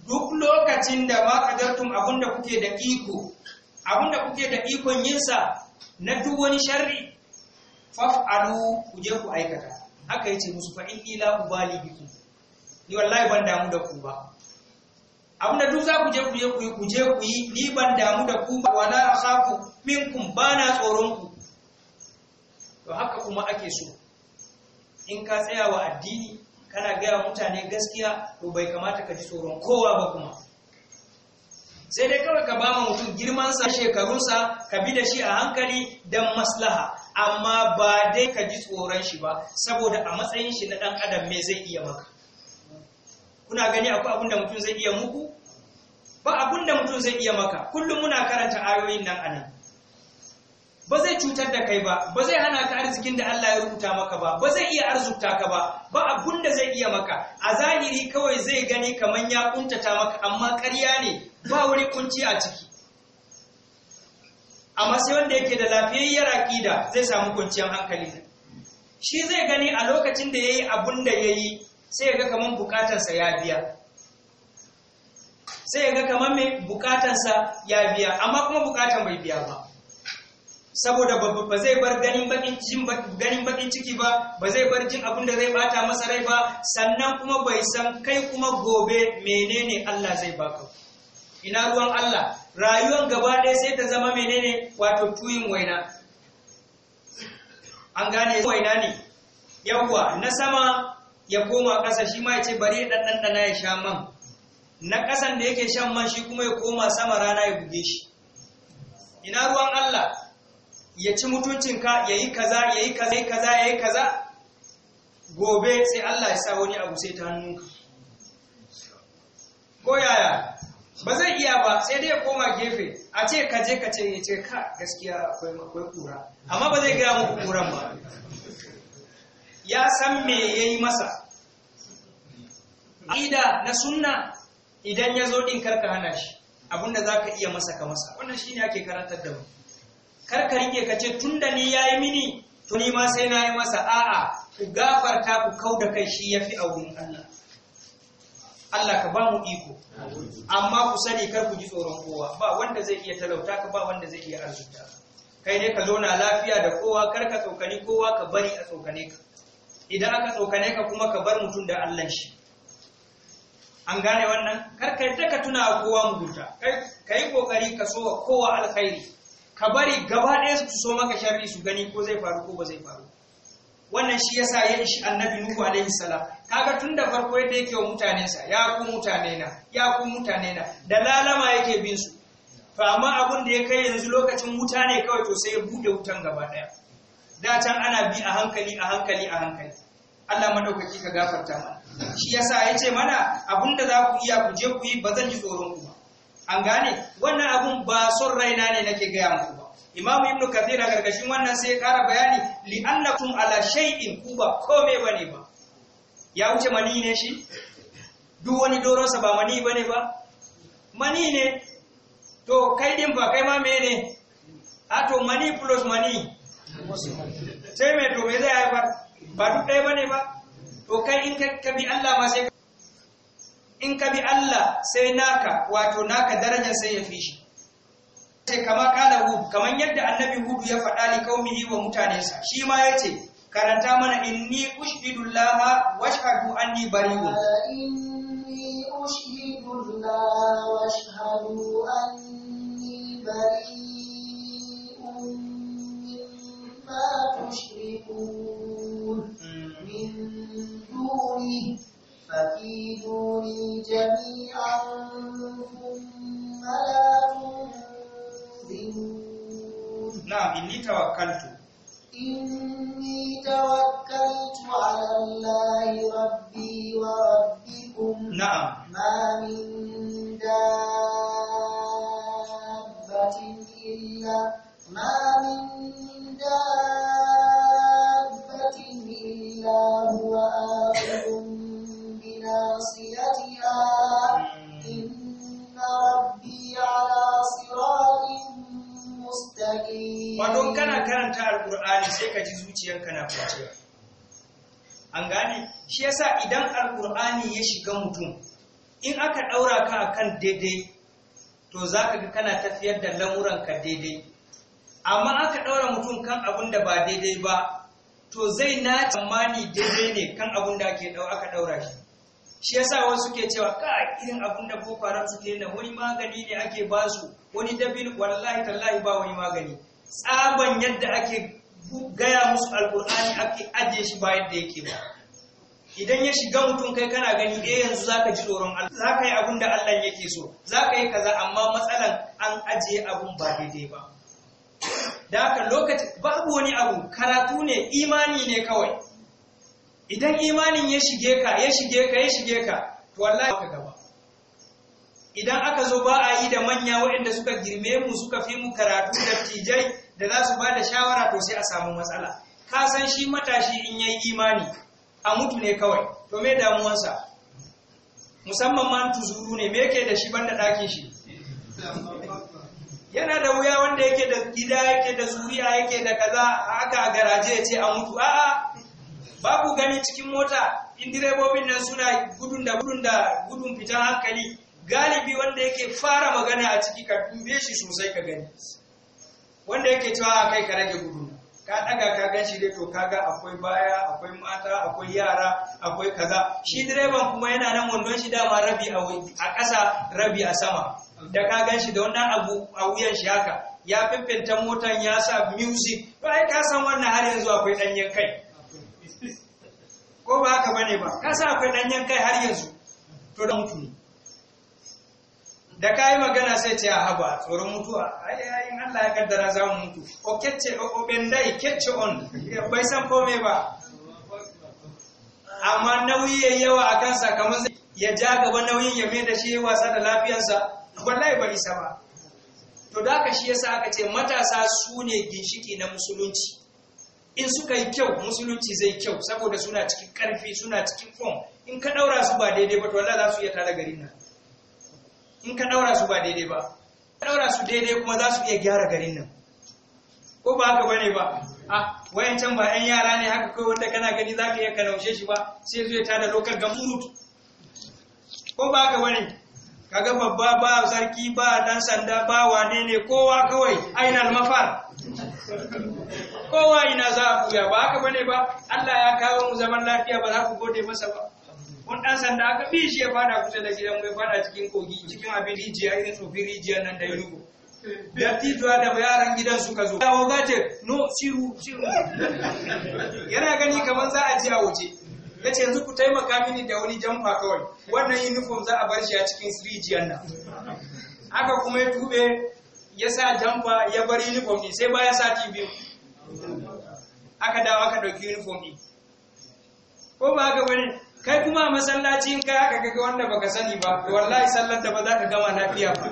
duk lokacin da ma kadartum da kuke da iko da kuke da ikon yinsa na duk wani sharri faf'alu ku je ku aikata haka yace musu fa inni la ubali bikum ni wallahi ban damu da ku ba abinda duk za ku je ku je ku yi ku je ku yi ni ban damu da ku ba wala akhafu minkum bana tsoron ku to haka kuma ake so in ka tsaya wa addini kana gaya mutane gaskiya to bai kamata ka ji tsoron kowa ba kuma sai dai kawai ka bama mutum girmansa shekarunsa ka bi da shi a hankali don maslaha amma ba dai ka ji tsoron shi ba saboda a matsayin shi na ɗan adam me zai iya maka kuna gani akwai abinda mutum zai iya muku ba abinda mutum zai iya maka kullum muna karanta ayoyin nan anan ba zai cutar da kai ba ba zai hana ka arzikin da Allah ya rubuta maka ba ba zai iya arzuta ka ba ba abinda zai iya maka a zahiri kawai zai gani kaman ya kuntata maka amma ƙarya ne ba wani kunci a ciki amma sai wanda yake da lafiyayyar akida zai samu kwanciyar hankali shi zai gani a lokacin da yayi abun da yayi sai ga kaman bukatarsa ya biya sai ga kaman mai bukatarsa ya biya amma kuma bukatar bai biya ba saboda ba zai bar ganin bakin ciki ba ba zai bar jin abin da zai bata masa rai ba sannan kuma bai san kai kuma gobe menene Allah zai baka ina ruwan Allah rayuwar gaba ɗaya sai ta zama menene wato tuyin waina an gane waina ne yawwa na sama ya koma ƙasa shi ma ya ce bari ya ɗanɗana ya sha man na ƙasan da yake shan man shi kuma ya koma sama rana ya buge shi ina ruwan Allah ya ci mutuncinka ya yi kaza ya yi kaza ya yi kaza ya yi kaza gobe sai Allah ya sa wani abu sai ta hannunka ko yaya ba zai iya ba sai dai ya koma gefe a ce ka je ka ce ya ce ka gaskiya akwai kura amma ba zai gaya muku kuran ba ya san me ya yi masa aida na sunna idan ya zo din karka hana shi abinda za ka iya masa ka masa wannan shi ne ake karantar da mu karka rike ka ce da ni ya yi mini to ni ma sai na yi masa a'a ku gafarta ku kau da kai shi yafi a wurin Allah Allah ka ba mu iko amma ku sani kar ku ji tsoron kowa ba wanda zai iya talauta ka ba wanda zai iya arzuta kai ne ka zauna lafiya da kowa kar ka tsokani kowa ka bari a tsokane ka idan aka tsokane ka kuma ka bar mutum da Allah shi an gane wannan kar ta ka tuna kowan kowa mugunta ka yi kokari ka so wa kowa alkhairi ka bari gaba ɗaya su so maka sharri su gani ko zai faru ko ba zai faru wannan shi yasa ya ishi annabi nuhu alaihi salam kaga tun da farko yadda yake wa mutane sa ya ku mutane na ya ku mutane na da lalama yake bin su to amma abin da ya kai yanzu lokacin mutane kawai to sai ya bude wutan gaba ɗaya da can ana bi a hankali a hankali a hankali Allah madaukaki ka gafarta mana shi yasa yace mana abinda za ku iya ku je ku yi bazan ji tsoron ku ba an gane wannan abun ba son raina ne nake gaya maku. ba imamu ibnu kathir gargashin wannan sai ya kara bayani li annakum ala shay'in ku ba kome bane ba ya wuce mani ne shi duk wani sa ba mani bane ba mani ne to kai din ba kai ma mene a to mani plus mani sai mai to zai haifar ba duk ɗaya ba ne ba to kai in ka bi Allah ma sai in ka bi Allah sai naka wato naka darajar sai ya fi shi sai kama kala hud kamar yadda annabi hudu ya faɗa li yi wa mutane sa. shi ma yace karanta mana inni ushidullaha washhadu anni bariwun inni tawakkaltu inni tawakkaltu ala allahi rabbi wa rabbikum na'am ma min da'a sai ka ji zuciyarka na kwanciya an gane shi yasa idan alkur'ani ya shiga mutum in aka ɗaura ka akan daidai to za ka ga kana tafiyar da lamuranka daidai amma aka ɗaura mutum kan abin da ba daidai ba to zai na tsammani daidai ne kan abin da aka ɗaura shi shi yasa wasu ke cewa ka irin abin da boko haram suke wani magani ne ake basu wani dab'in wallahi tallahi ba wani magani tsaban yadda ake gaya musu alkur'ani ake ajiye shi bayan da yake ba idan ya shiga mutum kai kana gani eh yanzu zaka ji tsoron Allah zaka yi abin da Allah yake so Za ka yi kaza amma matsalan an ajiye abun ba daidai ba da haka lokaci babu wani abu karatu ne imani ne kawai idan imanin ya shige ka ya shige ka ya shige ka to wallahi ka gaba idan aka zo ba a yi da manya waɗanda suka girme mu suka fi mu karatu da tijai da za su ba da shawara to sai a samu matsala ka san shi matashi in yayi imani a mutu ne kawai to me damuwansa musamman man tuzuru ne me yake da shi banda ɗakin shi yana da wuya wanda yake da gida yake da zuriya yake da kaza haka garaje ya ce a mutu a'a babu gani cikin mota in direbobin nan suna gudun da gudun da gudun fitan hankali galibi wanda yake fara magana a ciki ka dube shi sosai ka gani wanda yake cewa kai ka rage gudu ka daga ka gan shi dai to kaga akwai baya akwai mata akwai yara akwai kaza shi direban kuma yana nan wandon shi dama rabi a a ƙasa rabi a sama da ka gan shi da wannan abu a wuyan shi haka ya fiffinta motan ya sa music to ai ka san wannan har yanzu akwai danyen kai ko ba haka bane ba ka san akwai danyen kai har yanzu to da mutum da ka yi magana sai ce a haba tsoron mutuwa ai Allah ya kaddara za mu mutu o kece o bendai kecce on eh, bai san komai ba amma nauyi ya yawa a kansa kamar ya ja gaba nauyin ya mai da shi wasa da lafiyarsa wallahi bai isa ba to da ka shi yasa aka ce matasa su ne ginshiki na musulunci in suka yi kyau musulunci zai kyau saboda suna cikin karfi suna cikin form in ka daura su ba daidai ba to wallahi za su iya tare garin nan in ka ɗaura su ba daidai ba ka ɗaura su daidai kuma za su iya gyara garin nan ko ba haka bane ba a wayancan ba yan yara ne haka kai wanda kana gani za ka iya ka naushe shi ba sai zuwa tada lokal ga murut ko ba haka bane kaga babba ba sarki ba dan sanda ba wane ne kowa kawai ainal mafar kowa ina za a buya ba haka bane ba Allah ya kawo mu zaman lafiya ba za ku gode masa ba mun ɗan sanda aka bi shi ya fada kusa da gidan mai fada cikin kogi cikin abin rijiya irin tsofin rijiya nan da ya rubu dattijuwa da yaran gidan suka zo ya ce no siru siru yana gani kamar za a ji a wuce ya ce yanzu ku taimaka mini da wani jamfa kawai wannan uniform za a bar shi a cikin rijiyar nan aka kuma ya tube ya sa jamfa ya bar uniform ne sai baya sati biyu aka dawo aka ɗauki uniform ne ko ba haka bane kai kuma a masallaci in kai aka kake wanda baka sani ba wallahi sallan da ba za ka gama lafiya ba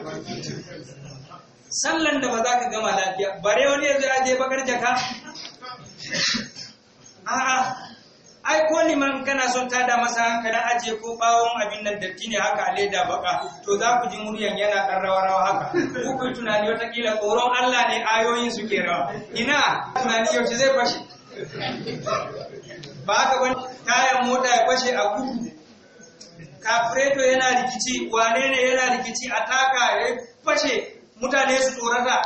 sallan da ba za ka gama lafiya bare wani yanzu ya je bakar jaka a'a ai ko liman kana son tada masa hankali ajiye ko bawon abin nan datti ne haka a leda baka to za ku ji muryan yana dan rawa rawa haka ku ku tunani kila tsoron Allah ne ayoyin su ke rawa ina tunani yaushe zai fashi ba haka wani tayan mota ya kwashe a gudu kafireto yana rikici wane ne yana rikici a taka ya fashe mutane su tsorata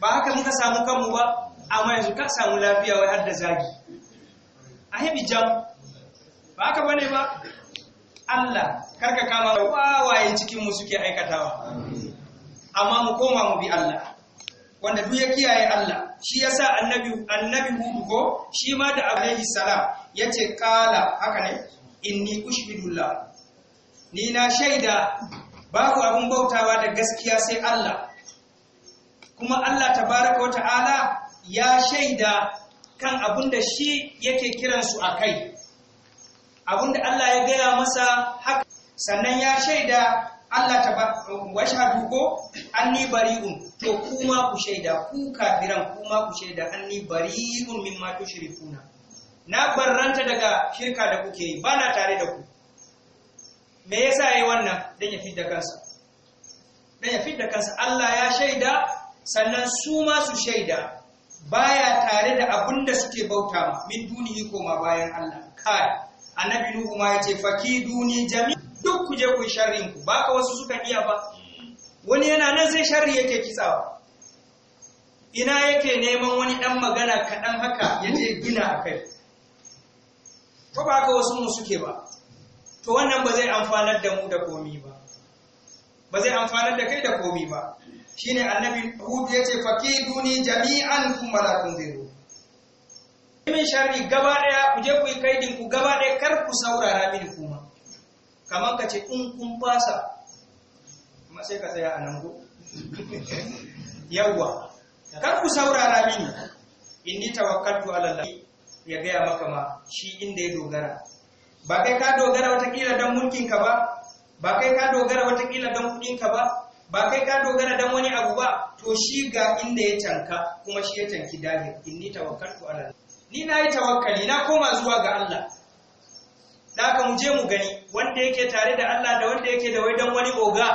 ba haka muka samu kanmu ba amma yanzu ka samu lafiya wai har da zagi a hebi jam ba haka bane ba Allah karka kama wawaye cikin mu suke aikatawa amma mu koma mu bi Allah wanda duk ya kiyaye Allah shi yasa annabi annabi Hudu ko shi ma da alaihi salam yace kala haka ne inni ushhidullah ni na shaida babu abun bautawa da gaskiya sai Allah kuma Allah tabaraka wa ta'ala ya shaida kan abunda shi yake kiransu a kai abunda Allah ya gaya masa haka sannan ya shaida Allah ta ba ko anni bari'un to kuma ku shaida ku kafiran kuma ku shaida anni bari'un mimma tushrikuna na barranta daga shirka da kuke yi bana tare da ku me yasa yayi wannan dan ya fidda kansa dan ya fidda kansa Allah ya shaida sannan su ma su shaida baya tare da abinda suke bauta min dunihi koma bayan Allah kai annabi nuhu ma yace fakiduni Jami". duk kuje je ku yi sharrin ku ba ka wasu suka iya ba wani yana nan sai sharri yake kitsawa ina yake neman wani dan magana kaɗan haka ya je gina a kai To ba ka wasu mu suke ba to wannan ba zai amfanar da mu da komi ba ba zai amfanar da kai da komi ba shine annabi hud yace ce fakiduni jami'an kuma la tunziru min sharri gaba daya ku je ku yi kaidin ku gaba daya kar ku saurara mini kuma kamar ka ce in kun fasa kuma sai ka tsaya a nan go yawwa kar ku saurara mini inni tawakkaltu ala Allah ya gaya maka ma shi inda ya dogara ba kai ka dogara watakila don ka ba ba kai ka dogara watakila don kuɗinka ba ba kai ka dogara don wani abu ba to shi ga inda ya canka kuma shi ya canki dahir inni tawakkaltu ala ni na yi tawakkali na koma zuwa ga Allah da haka mu je mu gani wanda yake tare da Allah da wanda yake da wai dan wani oga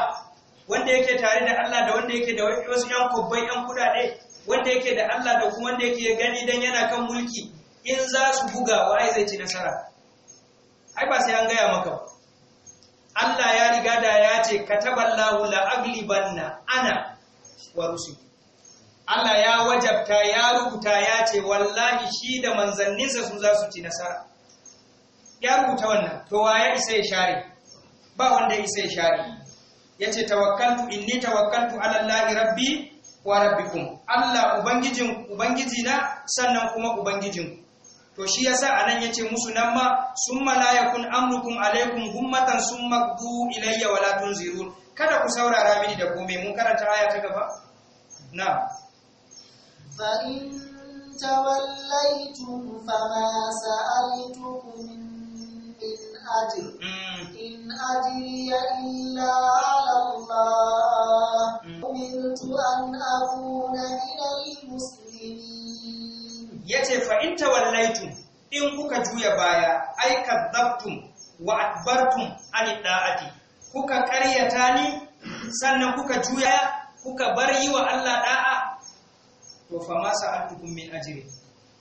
wanda yake tare da Allah da wanda yake da wasu yan kubbai yan kudade wanda yake da Allah da kuma wanda yake gani dan yana kan mulki in za su buga wai zai ci nasara ai ba sai an gaya maka Allah ya riga da ya ce kataballahu la aglibanna ana wa rusuli Allah ya wajabta ya rubuta ya ce wallahi shi da manzanninsa su za su ci nasara ya rubuta wannan to wa ya isa ya share ba wanda ya isa ya share yace tawakkaltu inni tawakkaltu ala allahi rabbi wa rabbikum Allah ubangijin ubangijina sannan kuma ubangijin to shi yasa anan yace musu nan ma summa la yakun amrukum alaikum gummatan summa du ilayya wala tunzirun kada ku saurara mini da gome mun karanta aya ta gaba na fa in tawallaytum fama sa'altukum min aji in aji ya illa alamma umirtu an akuna minal muslimin yace fa in tawallaytum in kuka juya baya ai kadabtum wa akbartum an da'ati kuka karyata ni sannan kuka juya kuka bar yi wa Allah da'a to fa ma sa'atukum min ajri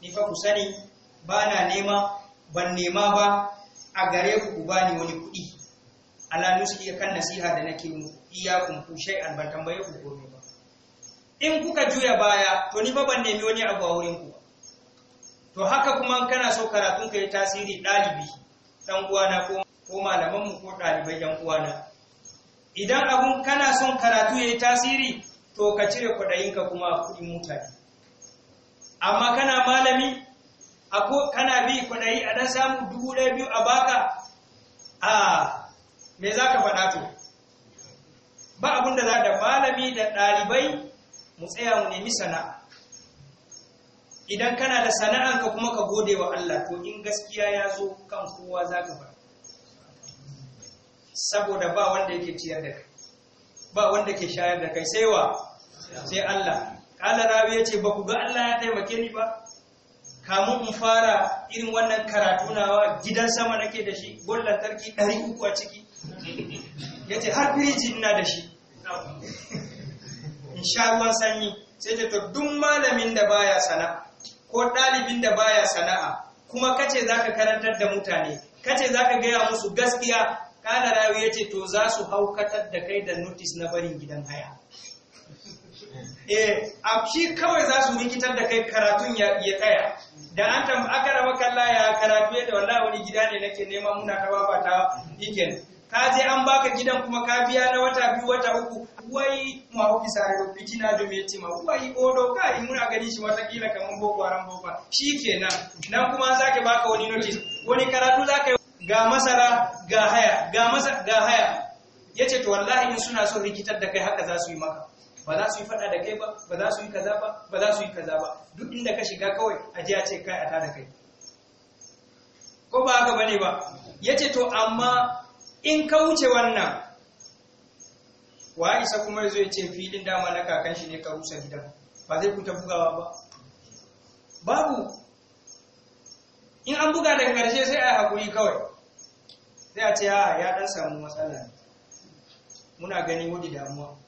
ni fa kusani ba na nema ban nema ba a gare ku ku bani wani kuɗi ala iya kan nasiha da nake mu iya kun ku shay'an ban tambaye ku komai ba in kuka juya baya to ni ba ban nemi wani abu a wurin ku to haka kuma kana so karatun ka yi tasiri ɗalibi ɗan uwana ko ko malaman mu ko ɗalibai ɗan uwana idan abun kana son karatu ya tasiri to ka cire kuɗayenka kuma kuɗin mutane amma kana malami ako kana bi kwaɗayi a dan samu dubu ɗaya biyu a baka a me za ka faɗa to ba abin da za da malami da ɗalibai mu tsaya mu nemi sana'a idan kana da ka kuma ka gode wa Allah to in gaskiya ya zo kan kowa za ka faɗa saboda ba wanda yake ciyar da kai ba wanda ke shayar da kai sai wa sai Allah kala rabi yace ba ku ga Allah ya taimake ni ba kamun in fara irin wannan karatu nawa gidan sama nake da shi bon lantarki 300 a ciki ya ce har firiji ina da shi in sha ruwan sanyi sai ce to duk malamin da baya sana'a ko ɗalibin da baya sana'a kuma kace zaka karantar da mutane kace zaka gaya musu gaskiya kana rawi yace to za su haukatar da kai da notis na barin gidan haya eh a shi kawai za su rikitar da kai karatun ya tsaya da an tam aka rama kalla ya karatu da wallahi wani gida ne nake nema muna ta ta yake ka je an baka gidan kuma ka biya na wata biyu wata uku wai ma ofisa da na jome me ma wai odo yi muna gani shi wata kila kaman boko haram boko shikenan nan kuma ke baka wani notice wani karatu zaka ga masara ga haya ga masara ga haya yace to wallahi in suna so rikitar da kai haka za su yi maka ba za su yi fada da kai ba ba za su yi kaza ba ba za su yi kaza ba duk inda ka shiga kawai a ji a ce kai a tada kai ko ba haka bane ba yace to amma in ka wuce wannan wa isa kuma yazo ya ce filin dama na kakan shi ne ka rusa gidan ba zai kuta bugawa ba babu in an buga daga ƙarshe sai a yi hakuri kawai sai a ce ya ɗan samu matsala muna gani wani damuwa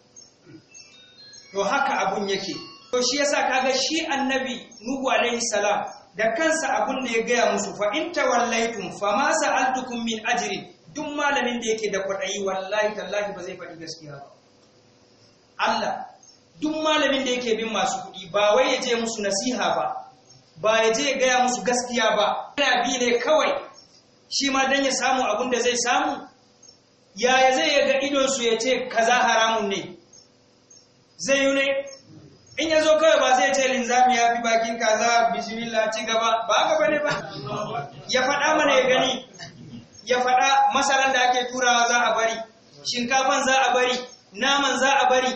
to haka abun yake to shi yasa kaga shi annabi nuhu alayhi salam da kansa abun da ya gaya musu fa in tawallaitum fama sa'altukum min ajrin duk malamin da yake da kwaɗayi wallahi tallahi ba zai faɗi gaskiya ba Allah duk malamin da yake bin masu kuɗi ba wai ya je musu nasiha ba ba ya je gaya musu gaskiya ba yana bi ne kawai shi ma dan ya samu abun da zai samu yaya zai ya ga su ya ce kaza haramun ne zai yi ne in ya zo kawai ba zai ce linzami ya fi bakin kaza bismillah ci gaba ba haka bane ba ya faɗa mana ya gani ya faɗa masaran da ake turawa za a bari shinkafan za a bari naman za a bari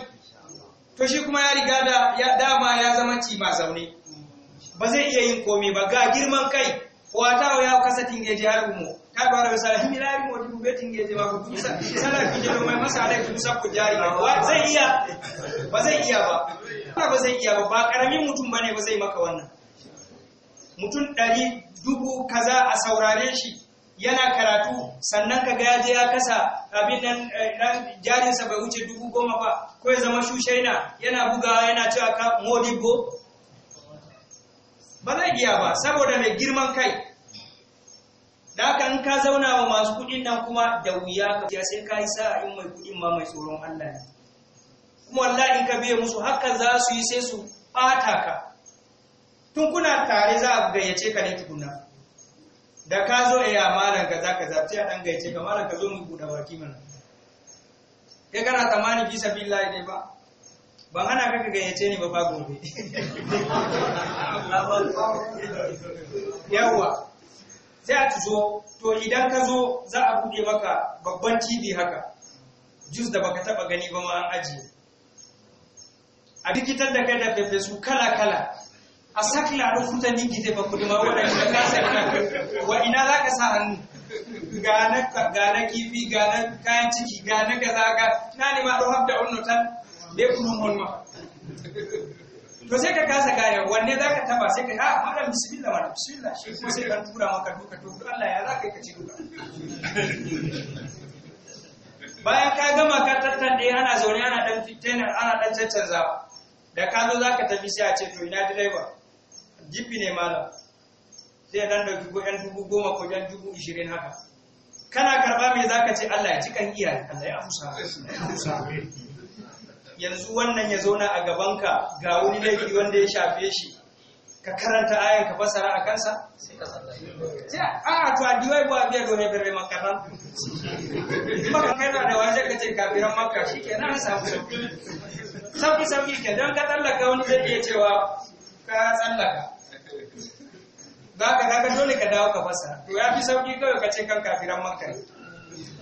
to shi kuma ya riga da ya dama ya zama ci ma zaune ba zai iya yin komi ba ga girman kai wata ya kasa tinge ji umu ka bara misala himilari mo dum betin geje ba ko tusa sala ki je mai masa alai ku tusa ku jari ba zai iya ba zai iya ba ba zai iya ba ba karamin mutum bane ba zai maka wannan mutum ɗari dubu kaza a saurare shi yana karatu sannan ka ya je ya kasa abin nan dan eh, jarinsa bai wuce dubu goma ba ko ya zama shushaina yana bugawa yana cewa ka modibo ba zai iya ba saboda mai girman kai da ka in ka zauna wa masu kuɗin nan kuma da wuya ka sai ka yi sa'a in mai kuɗin ma mai tsoron Allah ne kuma Allah in ka biye musu haka za su yi sai su fata ka tun kuna tare za a gayyace ka ne tukuna da ka zo eh, a yi amalan ka za ka zafi a ɗan gayyace ka malan ka zo mu buɗe baki mana kai kana tsammanin bisa billahi ne ba ban hana ka ka gayyace ni ba fa gobe yawwa sai a zo to idan ka zo za a buɗe maka babban tv haka jus da baka taba gani ba ma an ajiye a dikitar da kai da fefesu kala-kala a sakla da futanin gite ba kudi ma wadanda ka sakla wa ina za ka sa hannu gane kifi gane kayan ciki gane ka za ka na ne ma ɗau hafda unnotan bai kuma ma to sai ka kasa gane wanne za ka taba sai ka ha ah, malam bismillah malam bismillah shi kuma sai ka tura maka duka to Allah ya za ka yi ka ci duka bayan ka gama ka tattan ɗaya ana zaune ana ɗan fitenar ana ɗan caccanza da ka zo za ka tafi sai a ce to ina direba gibi ne malam sai dan da dubu, ɗan dubu goma ko ɗan dubu ishirin haka kana karba me za ka ce Allah ya ji kan iyaye Allah ya amsa yanzu wannan ya zauna a gabanka ga wani laifi wanda ya shafe shi ka karanta ayan ka fasara a kansa sai a a to adiwai ba biya dole bere makaran maka na da waje ka ce kafiran makka shikenan an samu sauki sauki ke don ka tsallaka wani zai iya cewa ka tsallaka za ka daga dole ka dawo ka fasara to ya fi sauki kawai ka ce kan kafiran makka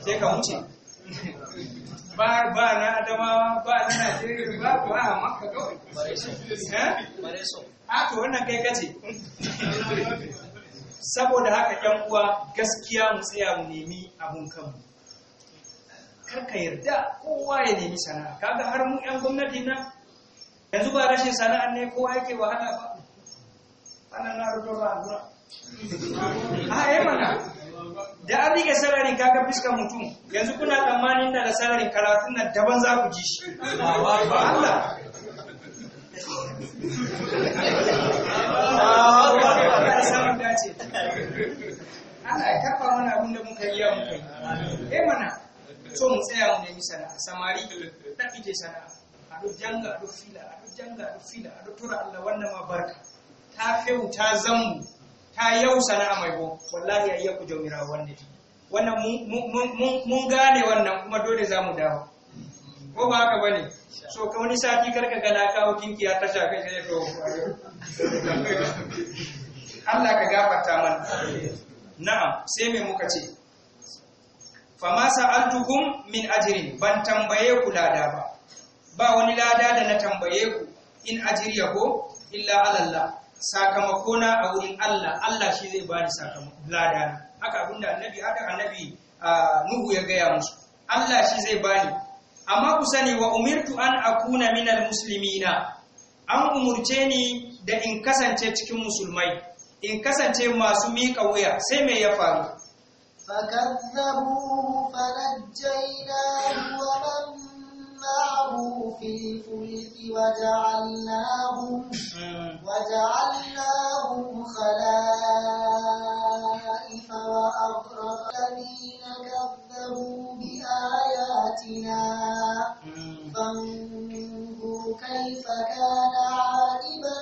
sai ka wuce ba ba na adamawa ba na najeriya ba ba a kawai eh? a wannan kai kace saboda haka yan uwa gaskiya mu tsaya mu nemi abun kanmu kar ka yarda kowa ya nemi sana'a kaga har mu yan gwamnati na yanzu ba rashin sana'a ne kowa yake wahala ba ana na rubuta ba a yi eh mana da an rike salarin kaga fuskar mutum yanzu kuna tsammanin da salarin karatun nan daban za ku ji shi Allah Allah ya karfa mana abin da muka yi muka yi. Eh mana, so mu tsaya mu nemi sana'a, samari da ije sana'a. A duk janga, a duk fila, a duk janga, a duk fila, a duk tura Allah wannan ma barka. Ta fewu ta zammu, ta yau yausana mai bo wallahi ku jomira wannan wannan mun gane wannan kuma dole za mu dawo ko ba haka bane so ka wani sati karka ga na kawo kinkiya ta shafe sai to Allah ka gafarta mana na'am sai me muka ce ma sa'altukum min ajrin ban tambaye ku lada ba ba wani lada da na tambaye ku in ajriya ko illa Allah sakamako na a wurin Allah Allah shi zai bani sakamako lada haka abinda annabi haka annabi Nuhu ya gaya musu Allah shi zai bani amma ku sani wa umirtu an akuna minal na. an umurce ni da in kasance cikin musulmai in kasance masu miƙa wuya sai mai ya faru fakadzabu farajjai na lam وحملناهم في الفلك وجعلناهم وجعلناهم خلائف وأغرق الذين كذبوا بآياتنا فانظر كيف كان عاقبة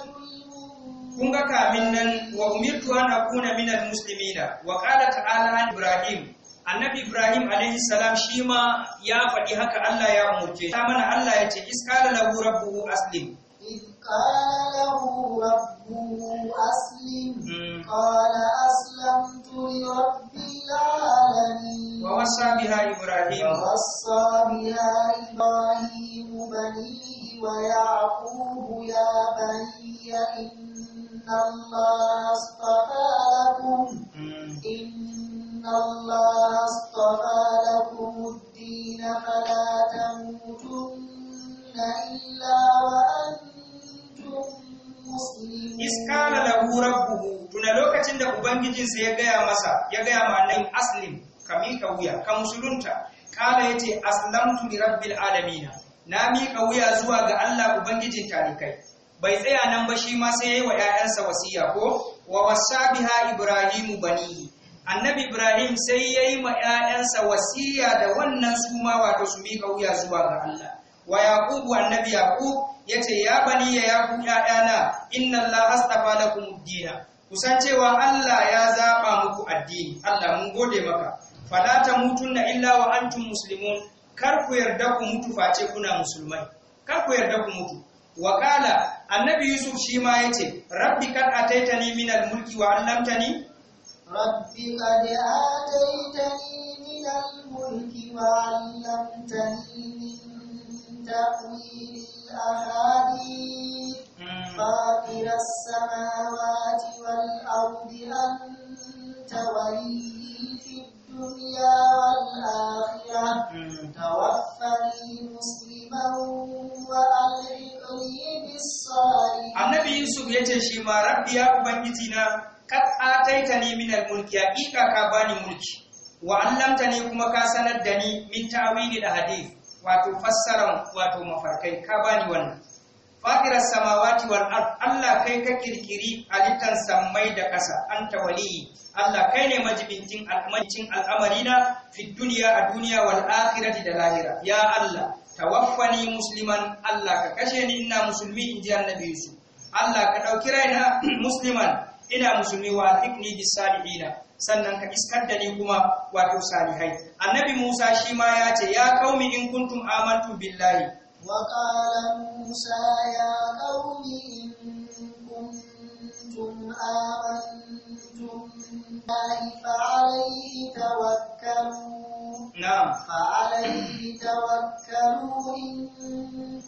kun ga kamin nan wa umirtu an akuna minal muslimina wa qala ta'ala an ibrahim annabi ibrahim alaihi salam shi ma ya faɗi haka allah ya umurce ta mana allah ya ce iskala lahu rabbuhu aslim قال له ربه أسلم قال أسلمت بها إبراهيم ووصى بها إبراهيم بنيه ويعقوب يا بني إن الله Iblis ya gaya masa ya gaya ma nan aslim ka wuya ka musulunta kala yace aslamtu li rabbil alamin na miƙa wuya zuwa ga Allah ubangijin talikai bai tsaya nan ba shi ma sai yayi wa 'ya'yansa wasiya ko wa wasa biha ibrahimu bani annabi ibrahim sai yayi ma 'ya'yansa wasiya da wannan suma wato su miƙa wuya zuwa ga Allah wa yaqubu annabi yaqub yace ya bani ya yaqub 'ya'yana inna allaha astafa lakum dina kusan cewa Allah ya zaba muku addini Allah mun gode maka fala mutunna illa wa antum muslimun kar ku yarda ku mutu face kuna musulmai kar ku yarda ku mutu wa kala annabi yusuf shi ma yace rabbi kad ataitani min al-mulki wa 'allamtani rabbi kad ataitani min al-mulki wa 'allamtani min ta'wil al-ahadith فاطر السماوات والأرض أنت ولي في الدنيا والآخرة توفني مسلما وألحقني بالصالحين النبي يوسف يتشي ما ربي يا أبنجتنا kad ataitani min al-mulk ka bani mulki wa allamtani kuma ka sanar da ni min ta'wili na hadith wato fassara wato mafarkai ka bani wannan fatirar samawati wal ard Allah kai ka kirkiri halittar sammai da ƙasa anta waliyi Allah kai ne majibincin al'amancin al'amarina fi duniya a duniya wal akhirati da lahira ya Allah tawaffani musliman Allah ka kashe ni ina musulmi in ji annabi Yusuf Allah ka ɗauki raina musliman ina musulmi wa hikni bis salihina sannan ka iskar da ni kuma wato salihai annabi Musa shi ma ya ce ya kaumi in kuntum amantu billahi وقال موسى يا قوم إن كنتم آمنتم بالله فعليه توكلوا نعم فعليه توكلوا إن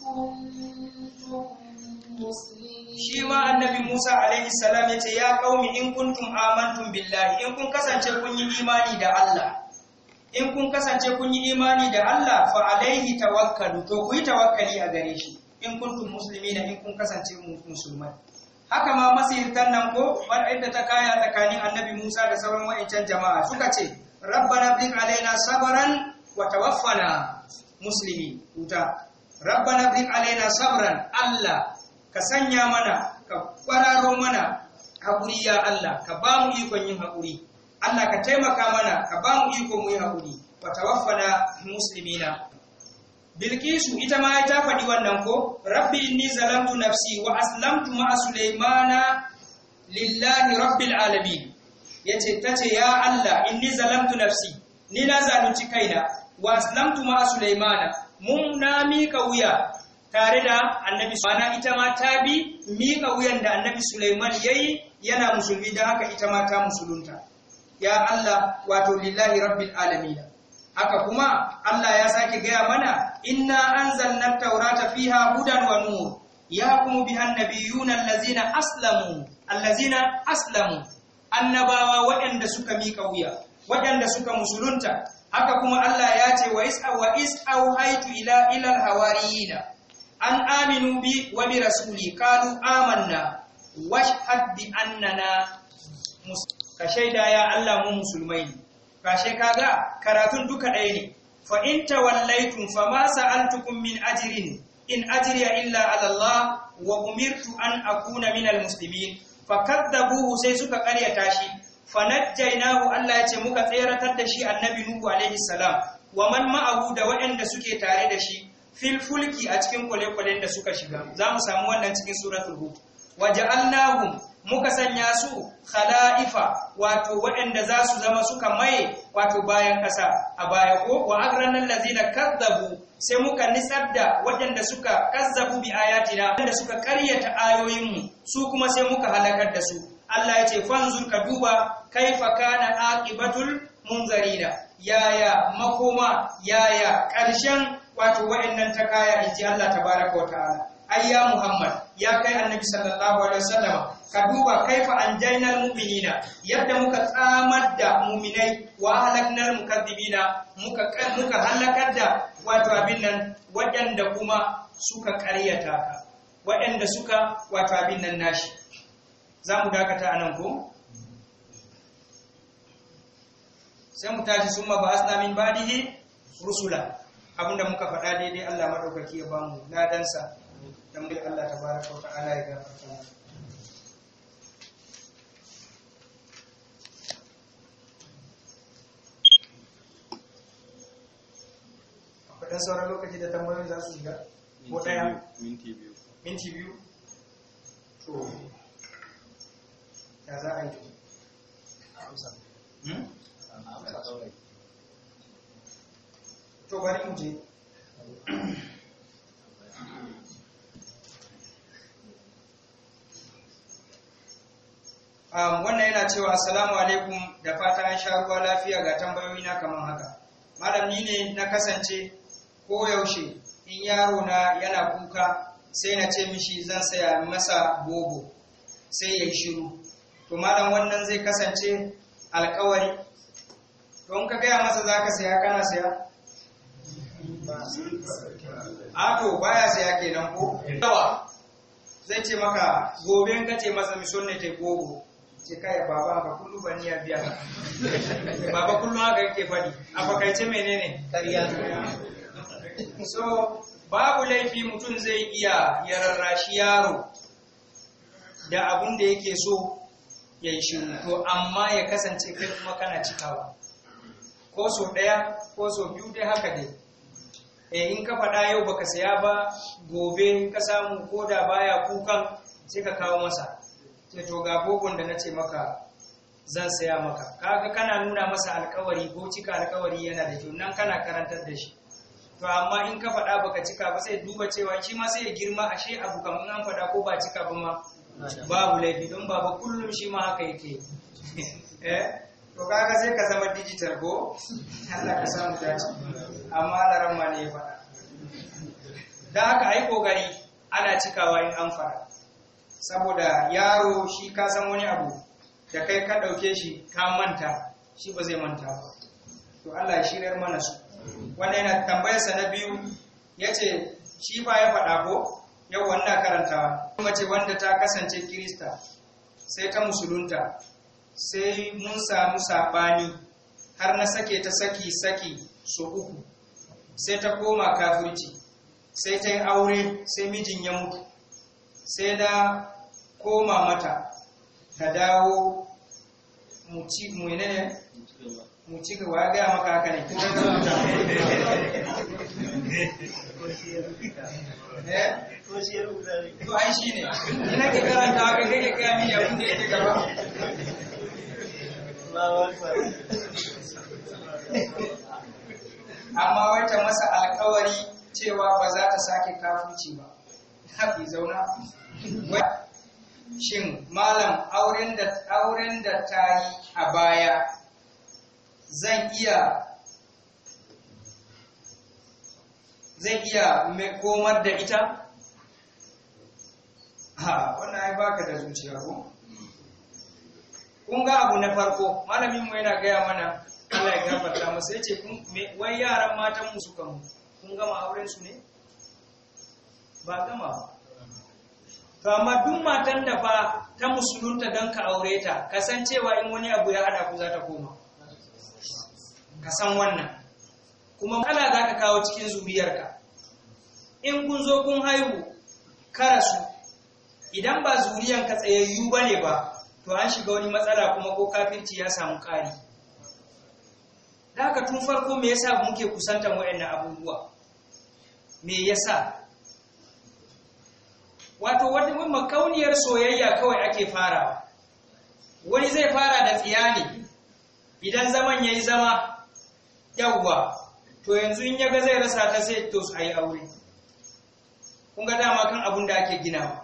كنتم Shi ma annabi Musa alaihi salam ya ce ya kaumi in kuntum amantum billahi in kun kasance kun yi imani da Allah. in kun kasance kun yi imani da Allah fa alaihi tawakkalu to ku yi tawakkali a gare shi in kuntum muslimina in kun kasance musulmai haka ma masirtan nan ko wadda ta kaya tsakanin annabi Musa da sauran wa'ancan jama'a suka ce rabbana bi alaina sabran wa tawaffana muslimi uta rabbana bi alaina sabran Allah ka sanya mana ka kwararo mana haƙuri ya Allah ka ba mu ikon yin haƙuri Allah ka taimaka mana ka ba mu iko mu yi haƙuri wa tawaffana muslimina Bilkisu ita ma ta faɗi wannan ko rabbi inni zalamtu nafsi wa aslamtu ma sulaimana lillahi rabbil alamin yace tace ya Allah inni zalamtu nafsi ni na zalunci kaina wa aslamtu ma sulaimana mun na mika wuya tare da annabi mana ita ma ta bi mika wuyan da annabi sulaiman yayi yana musulmi da haka ita ma ta musulunta ya Allah wato lillahi rabbil alamin haka kuma Allah ya sake gaya mana inna anzalna taurata fiha hudan wa nur yahkumu biha annabiyuna allazina aslamu allazina aslamu annabawa waɗanda suka mika wuya waɗanda suka musulunta haka kuma Allah ya ce wa is'a wa is'au haitu ila ilal hawariyina an aminu bi wa bi rasuli qalu amanna washhad bi annana muslimun ka shaida ya Allah mu musulmai ne kashe kaga karatun duka ɗaya ne fa in tawallaitum ma sa'altukum min ajrin in ajri illa ala Allah wa umirtu an akuna min almuslimin buhu sai suka tashi shi fanajjaynahu Allah ya ce muka tseratar da shi annabi nuhu alaihi salam wa man ma'ahu da waɗanda suke tare da shi fil fulki a cikin kwale-kwalen da suka shiga za mu samu wannan cikin suratul hud waja'alnahum muka sanya su khala'ifa wato waɗanda za su zama suka maye wato bayan ƙasa a baya ko wa agranan lazina kazzabu sai muka nisar da waɗanda suka kazzabu bi ayatina waɗanda suka karyata ayoyinmu su kuma sai muka halakar da su Allah ya ce fanzur ka duba kaifa kana aqibatul munzarina yaya makoma yaya ƙarshen wato waɗannan ta kaya inji Allah tabaraka wa ta'ala ayya muhammad ya kai annabi sallallahu alaihi wasallam ka duba kaifa anjaynal mu'minina yadda muka tsamar da mu'minai wa halaknal mukaddibina muka muka halakar da wato abin nan waɗanda kuma suka ƙaryata ka waɗanda suka wato abin nan nashi za mu dakata anan ko sai mu tashi summa ba asna min badihi rusula abinda muka faɗa daidai Allah madaukaki ya bamu dansa. don dai Allah ta baraka wa ala ya gafarta masa akwai ɗan sauran lokaci da tambayoyi za su shiga ko ɗaya minti biyu minti biyu to ya za a yi hmm? to bari in je Um, wannan yana cewa assalamu alaikum da fata an sha ruwa lafiya ga tambayoyi na kamar haka malam ni ne na kasance ko yaushe in yaro na yana kuka sai na ce mishi zan saya masa bobo sai ya shiru to malam wannan zai kasance alkawari don ka gaya masa za ka saya kana saya ato baya saya kenan ko zai ce maka gobe ka ce masa misonne ta gogo ce kai baba ba kullum ban ya biya baba kullum haka yake faɗi a fakaice menene ƙarya so babu laifi mutum zai iya ya rarrashi yaro da abun da yake so ya yi shiru to amma ya kasance kai kuma kana cikawa ko so ɗaya ko so biyu dai haka dai e in ka faɗa yau baka saya ba gobe in ka samu ko da baya kukan sai ka kawo masa Togagogon to ga gogon da na ce maka zan saya maka kaga kana nuna masa alƙawari ko cika alƙawari yana da kyau nan kana karantar da shi to amma in ka faɗa baka cika ba sai duba cewa shi ma sai ya girma ashe abu kamar an faɗa ko ba cika ba ma babu laifi don baba kullum shi ma haka yake eh to kaga sai ka zama digital ko Allah ka samu dace amma laran ma ne ya faɗa da haka ai kokari ana cikawa in an fara saboda yaro shi ka san wani abu da kai ka ɗauke shi ka manta shi ba zai manta ba to Allah ya shirar mana su wannan yana sa na biyu yace shi ba ya faɗa ko yau wannan karantawa ce wanda ta kasance kirista sai ta musulunta sai mun samu saɓani har na sake ta saki-saki so uku sai ta koma kafirci sai ta yi aure sai mijin ya mutu sai da koma mata na dawo mu ci ne mu gaba ya gaya maka haka ne eh? to ai shi ne ina ke karanta haka kake kaya min yawon da yake gaba amma wata masa alkawari cewa ba za ta sake kafuci ba haɗi zauna shin malam auren da auren da ta yi a baya zan iya zan iya komar da ita ha wannan ai baka da zuciya ko kun ga abu na farko malamin mu yana gaya mana Allah ya gafarta masa yace kun wai yaran matan mu kan mu kun gama auren su ne ba gama ba to amma duk matan da fa ta musulunta don ka aure ta kasancewa in wani abu ya hada ku za ta koma ka san wannan kuma kala za ka kawo cikin zuriyarka in kun zo kun haihu karasu idan ba zuriyar ka tsayayyu ba ne ba to an shiga wani matsala kuma ko kafirci ya samu ƙari da haka tun farko me yasa muke kusantan waɗannan abubuwa me yasa wato wani makauniyar soyayya kawai ake fara, wani zai fara da tsiyani idan zaman yayi zama yawwa to yanzu in yaga zai rasa ta sai to su ayi aure kun ga dama kan abun da ake gina.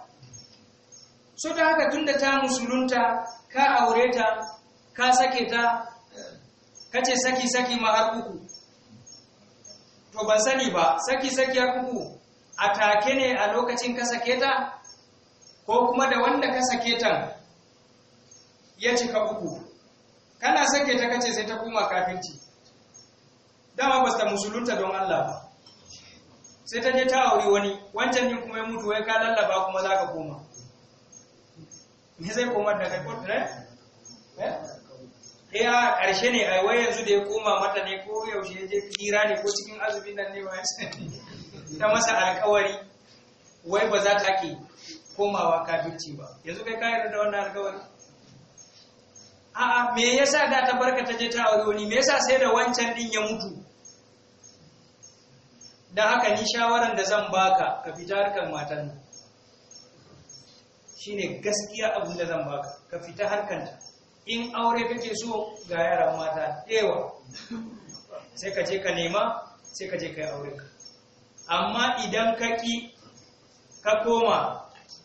so ta haka tunda ta musulunta ka aure ta ka sake ta ka ce saki saki ma har uku to ban sani ba saki saki har uku a take ne a lokacin ka sake ta ko kuma da wanda ka sake ta ya cika uku kana sake ta kace sai ta koma kafirci dama ba ta musulunta don Allah ba sai ta je ta aure wani wancan din kuma ya mutu wai ka lallaba kuma za ka koma me zai koma da kai ko tare eh? Eh? eh a karshe ne ai wai yanzu da ya koma mata ne ko yaushe ya je kira ne ko cikin azumin nan ne ba ya ta masa alkawari wai ba za ta ke komawa kafirci ba yanzu kai ka yarda da wannan alkawari a'a me yasa da ta barka ta je ta aure wani me yasa sai da wancan din ya mutu dan haka ni shawaran da zan baka ka fita harkar matan nan shine gaskiya abin da zan baka ka fita harkanta in aure kake so ga yaran mata ewa sai ka je ka nema sai ka je ka yi ka amma idan ka ƙi ka koma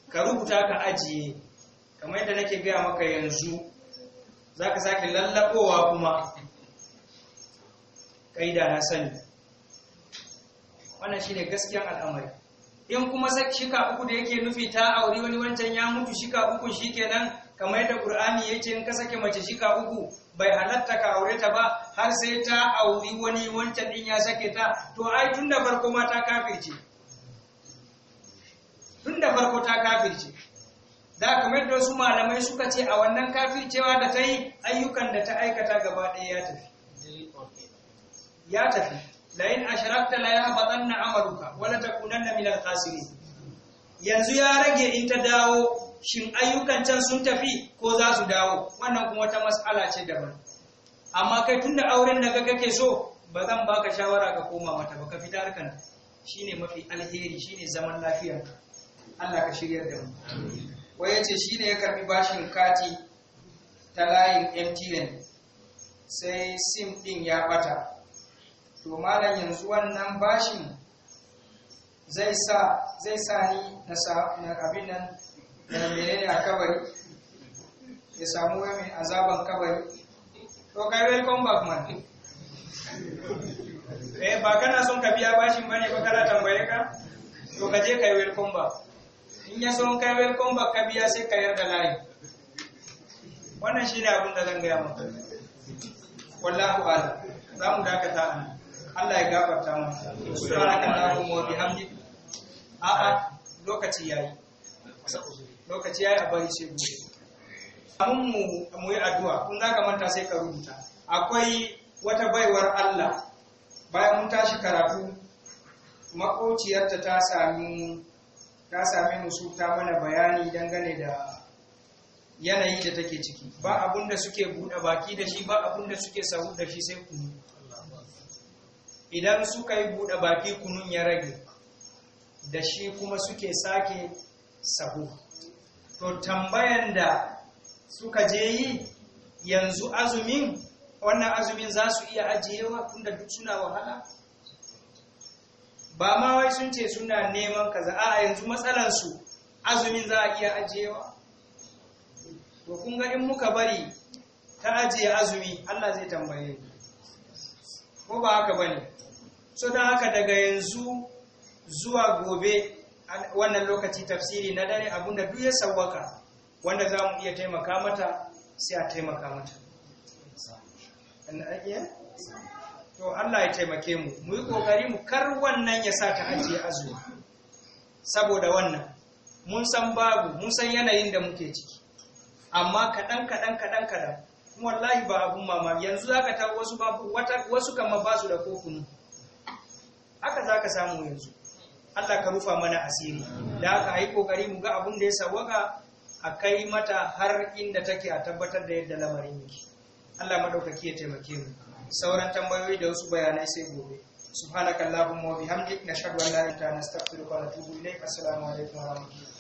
ka rubuta ka ajiye kamar yadda nake gaya maka yanzu za ka sake lallaɓowa kuma ƙaida na sani wannan shine gaskiyan al'amari in kuma shika uku da yake nufi ta auri wani wancan ya mutu shika uku shi shikenan kamar da ya ce in ka sake mace shika uku bai halatta ka aure ta ba har sai ta auri wani wancan din ya sake ta to ai tun da farko ma ta kafirce tun da farko ta kafirce da kamar da su malamai suka ce a wannan kafircewa da ta yi ayyukan da ta aikata gaba ɗaya ya tafi ya tafi lain ashrakta la yahbatanna amaluka wala takunanna minal khasirin yanzu ya rage in ta dawo shin ayyukan can sun tafi ko za su dawo wannan kuma wata mas'ala ce daban amma kai tunda auren da kake so ba zan baka shawara ka koma mata ba ka fita harkan shine mafi alheri shine zaman lafiya Allah ka shiryar da mu wai yace shine ya karbi bashin kati ta layin MTN sai sim din ya bata to malam yanzu wannan bashin zai sa zai sa ni na abin nan daga ne a kabari ya samu ya mai azaban kabari to kai welcome back man eh ba kana son ka biya bashin bane ba kana tambaye ka to ka je kai welcome back in ya son kai welcome back ka biya sai ka yarda layi wannan shine abin da zan gaya maka wallahu a'lam za mu dakata anan Allah ya gafarta mu subhanaka allahumma wa bihamdika a'a lokaci yayi lokaci ya yi a bari sai gobe mun mu yi addu'a kun za ka manta sai ka rubuta akwai wata baiwar Allah bayan mun tashi karatu makociyarta ta sami ta sami musu ta mana bayani dangane da yanayi da take ciki ba abun da suke buɗe baki da shi ba abun da suke sahu da shi sai kunu idan suka yi buɗe baki kunun ya rage da shi kuma suke sake sahu to tambayan da suka je yi yanzu azumin wannan azumin za su iya ajiyewa tunda duk suna wahala ba ma wai sun ce suna neman kaza a yanzu matsalansu azumin za a iya ajiyewa to kun ga in muka bari ta ajiye azumi Allah zai tambaye ko ba haka bane so dan haka daga yanzu zuwa gobe wannan lokaci tafsiri na dare abinda duk ya sawwaka wanda za mu iya taimaka mata sai a taimaka mata to Allah ya taimake mu mu yi kokari mu kar wannan ya sa ta ajiye azumi saboda wannan mun san babu mun san yanayin da muke ciki amma kaɗan kaɗan kaɗan kaɗan kuma wallahi ba abun mama yanzu za ka wasu babu wasu kama ba su da kofunu haka za ka samu yanzu Allah ka rufa mana asiri da aka yi kokari mu ga abin da ya sawaka a kai mata har inda take a tabbatar da yadda lamarin yake Allah madaukaki ya taimake mu sauran tambayoyi da wasu bayanai sai gobe subhanakallahumma wa bihamdika nashhadu an la ilaha illa anta astaghfiruka wa atubu ilaik assalamu alaikum wa rahmatullahi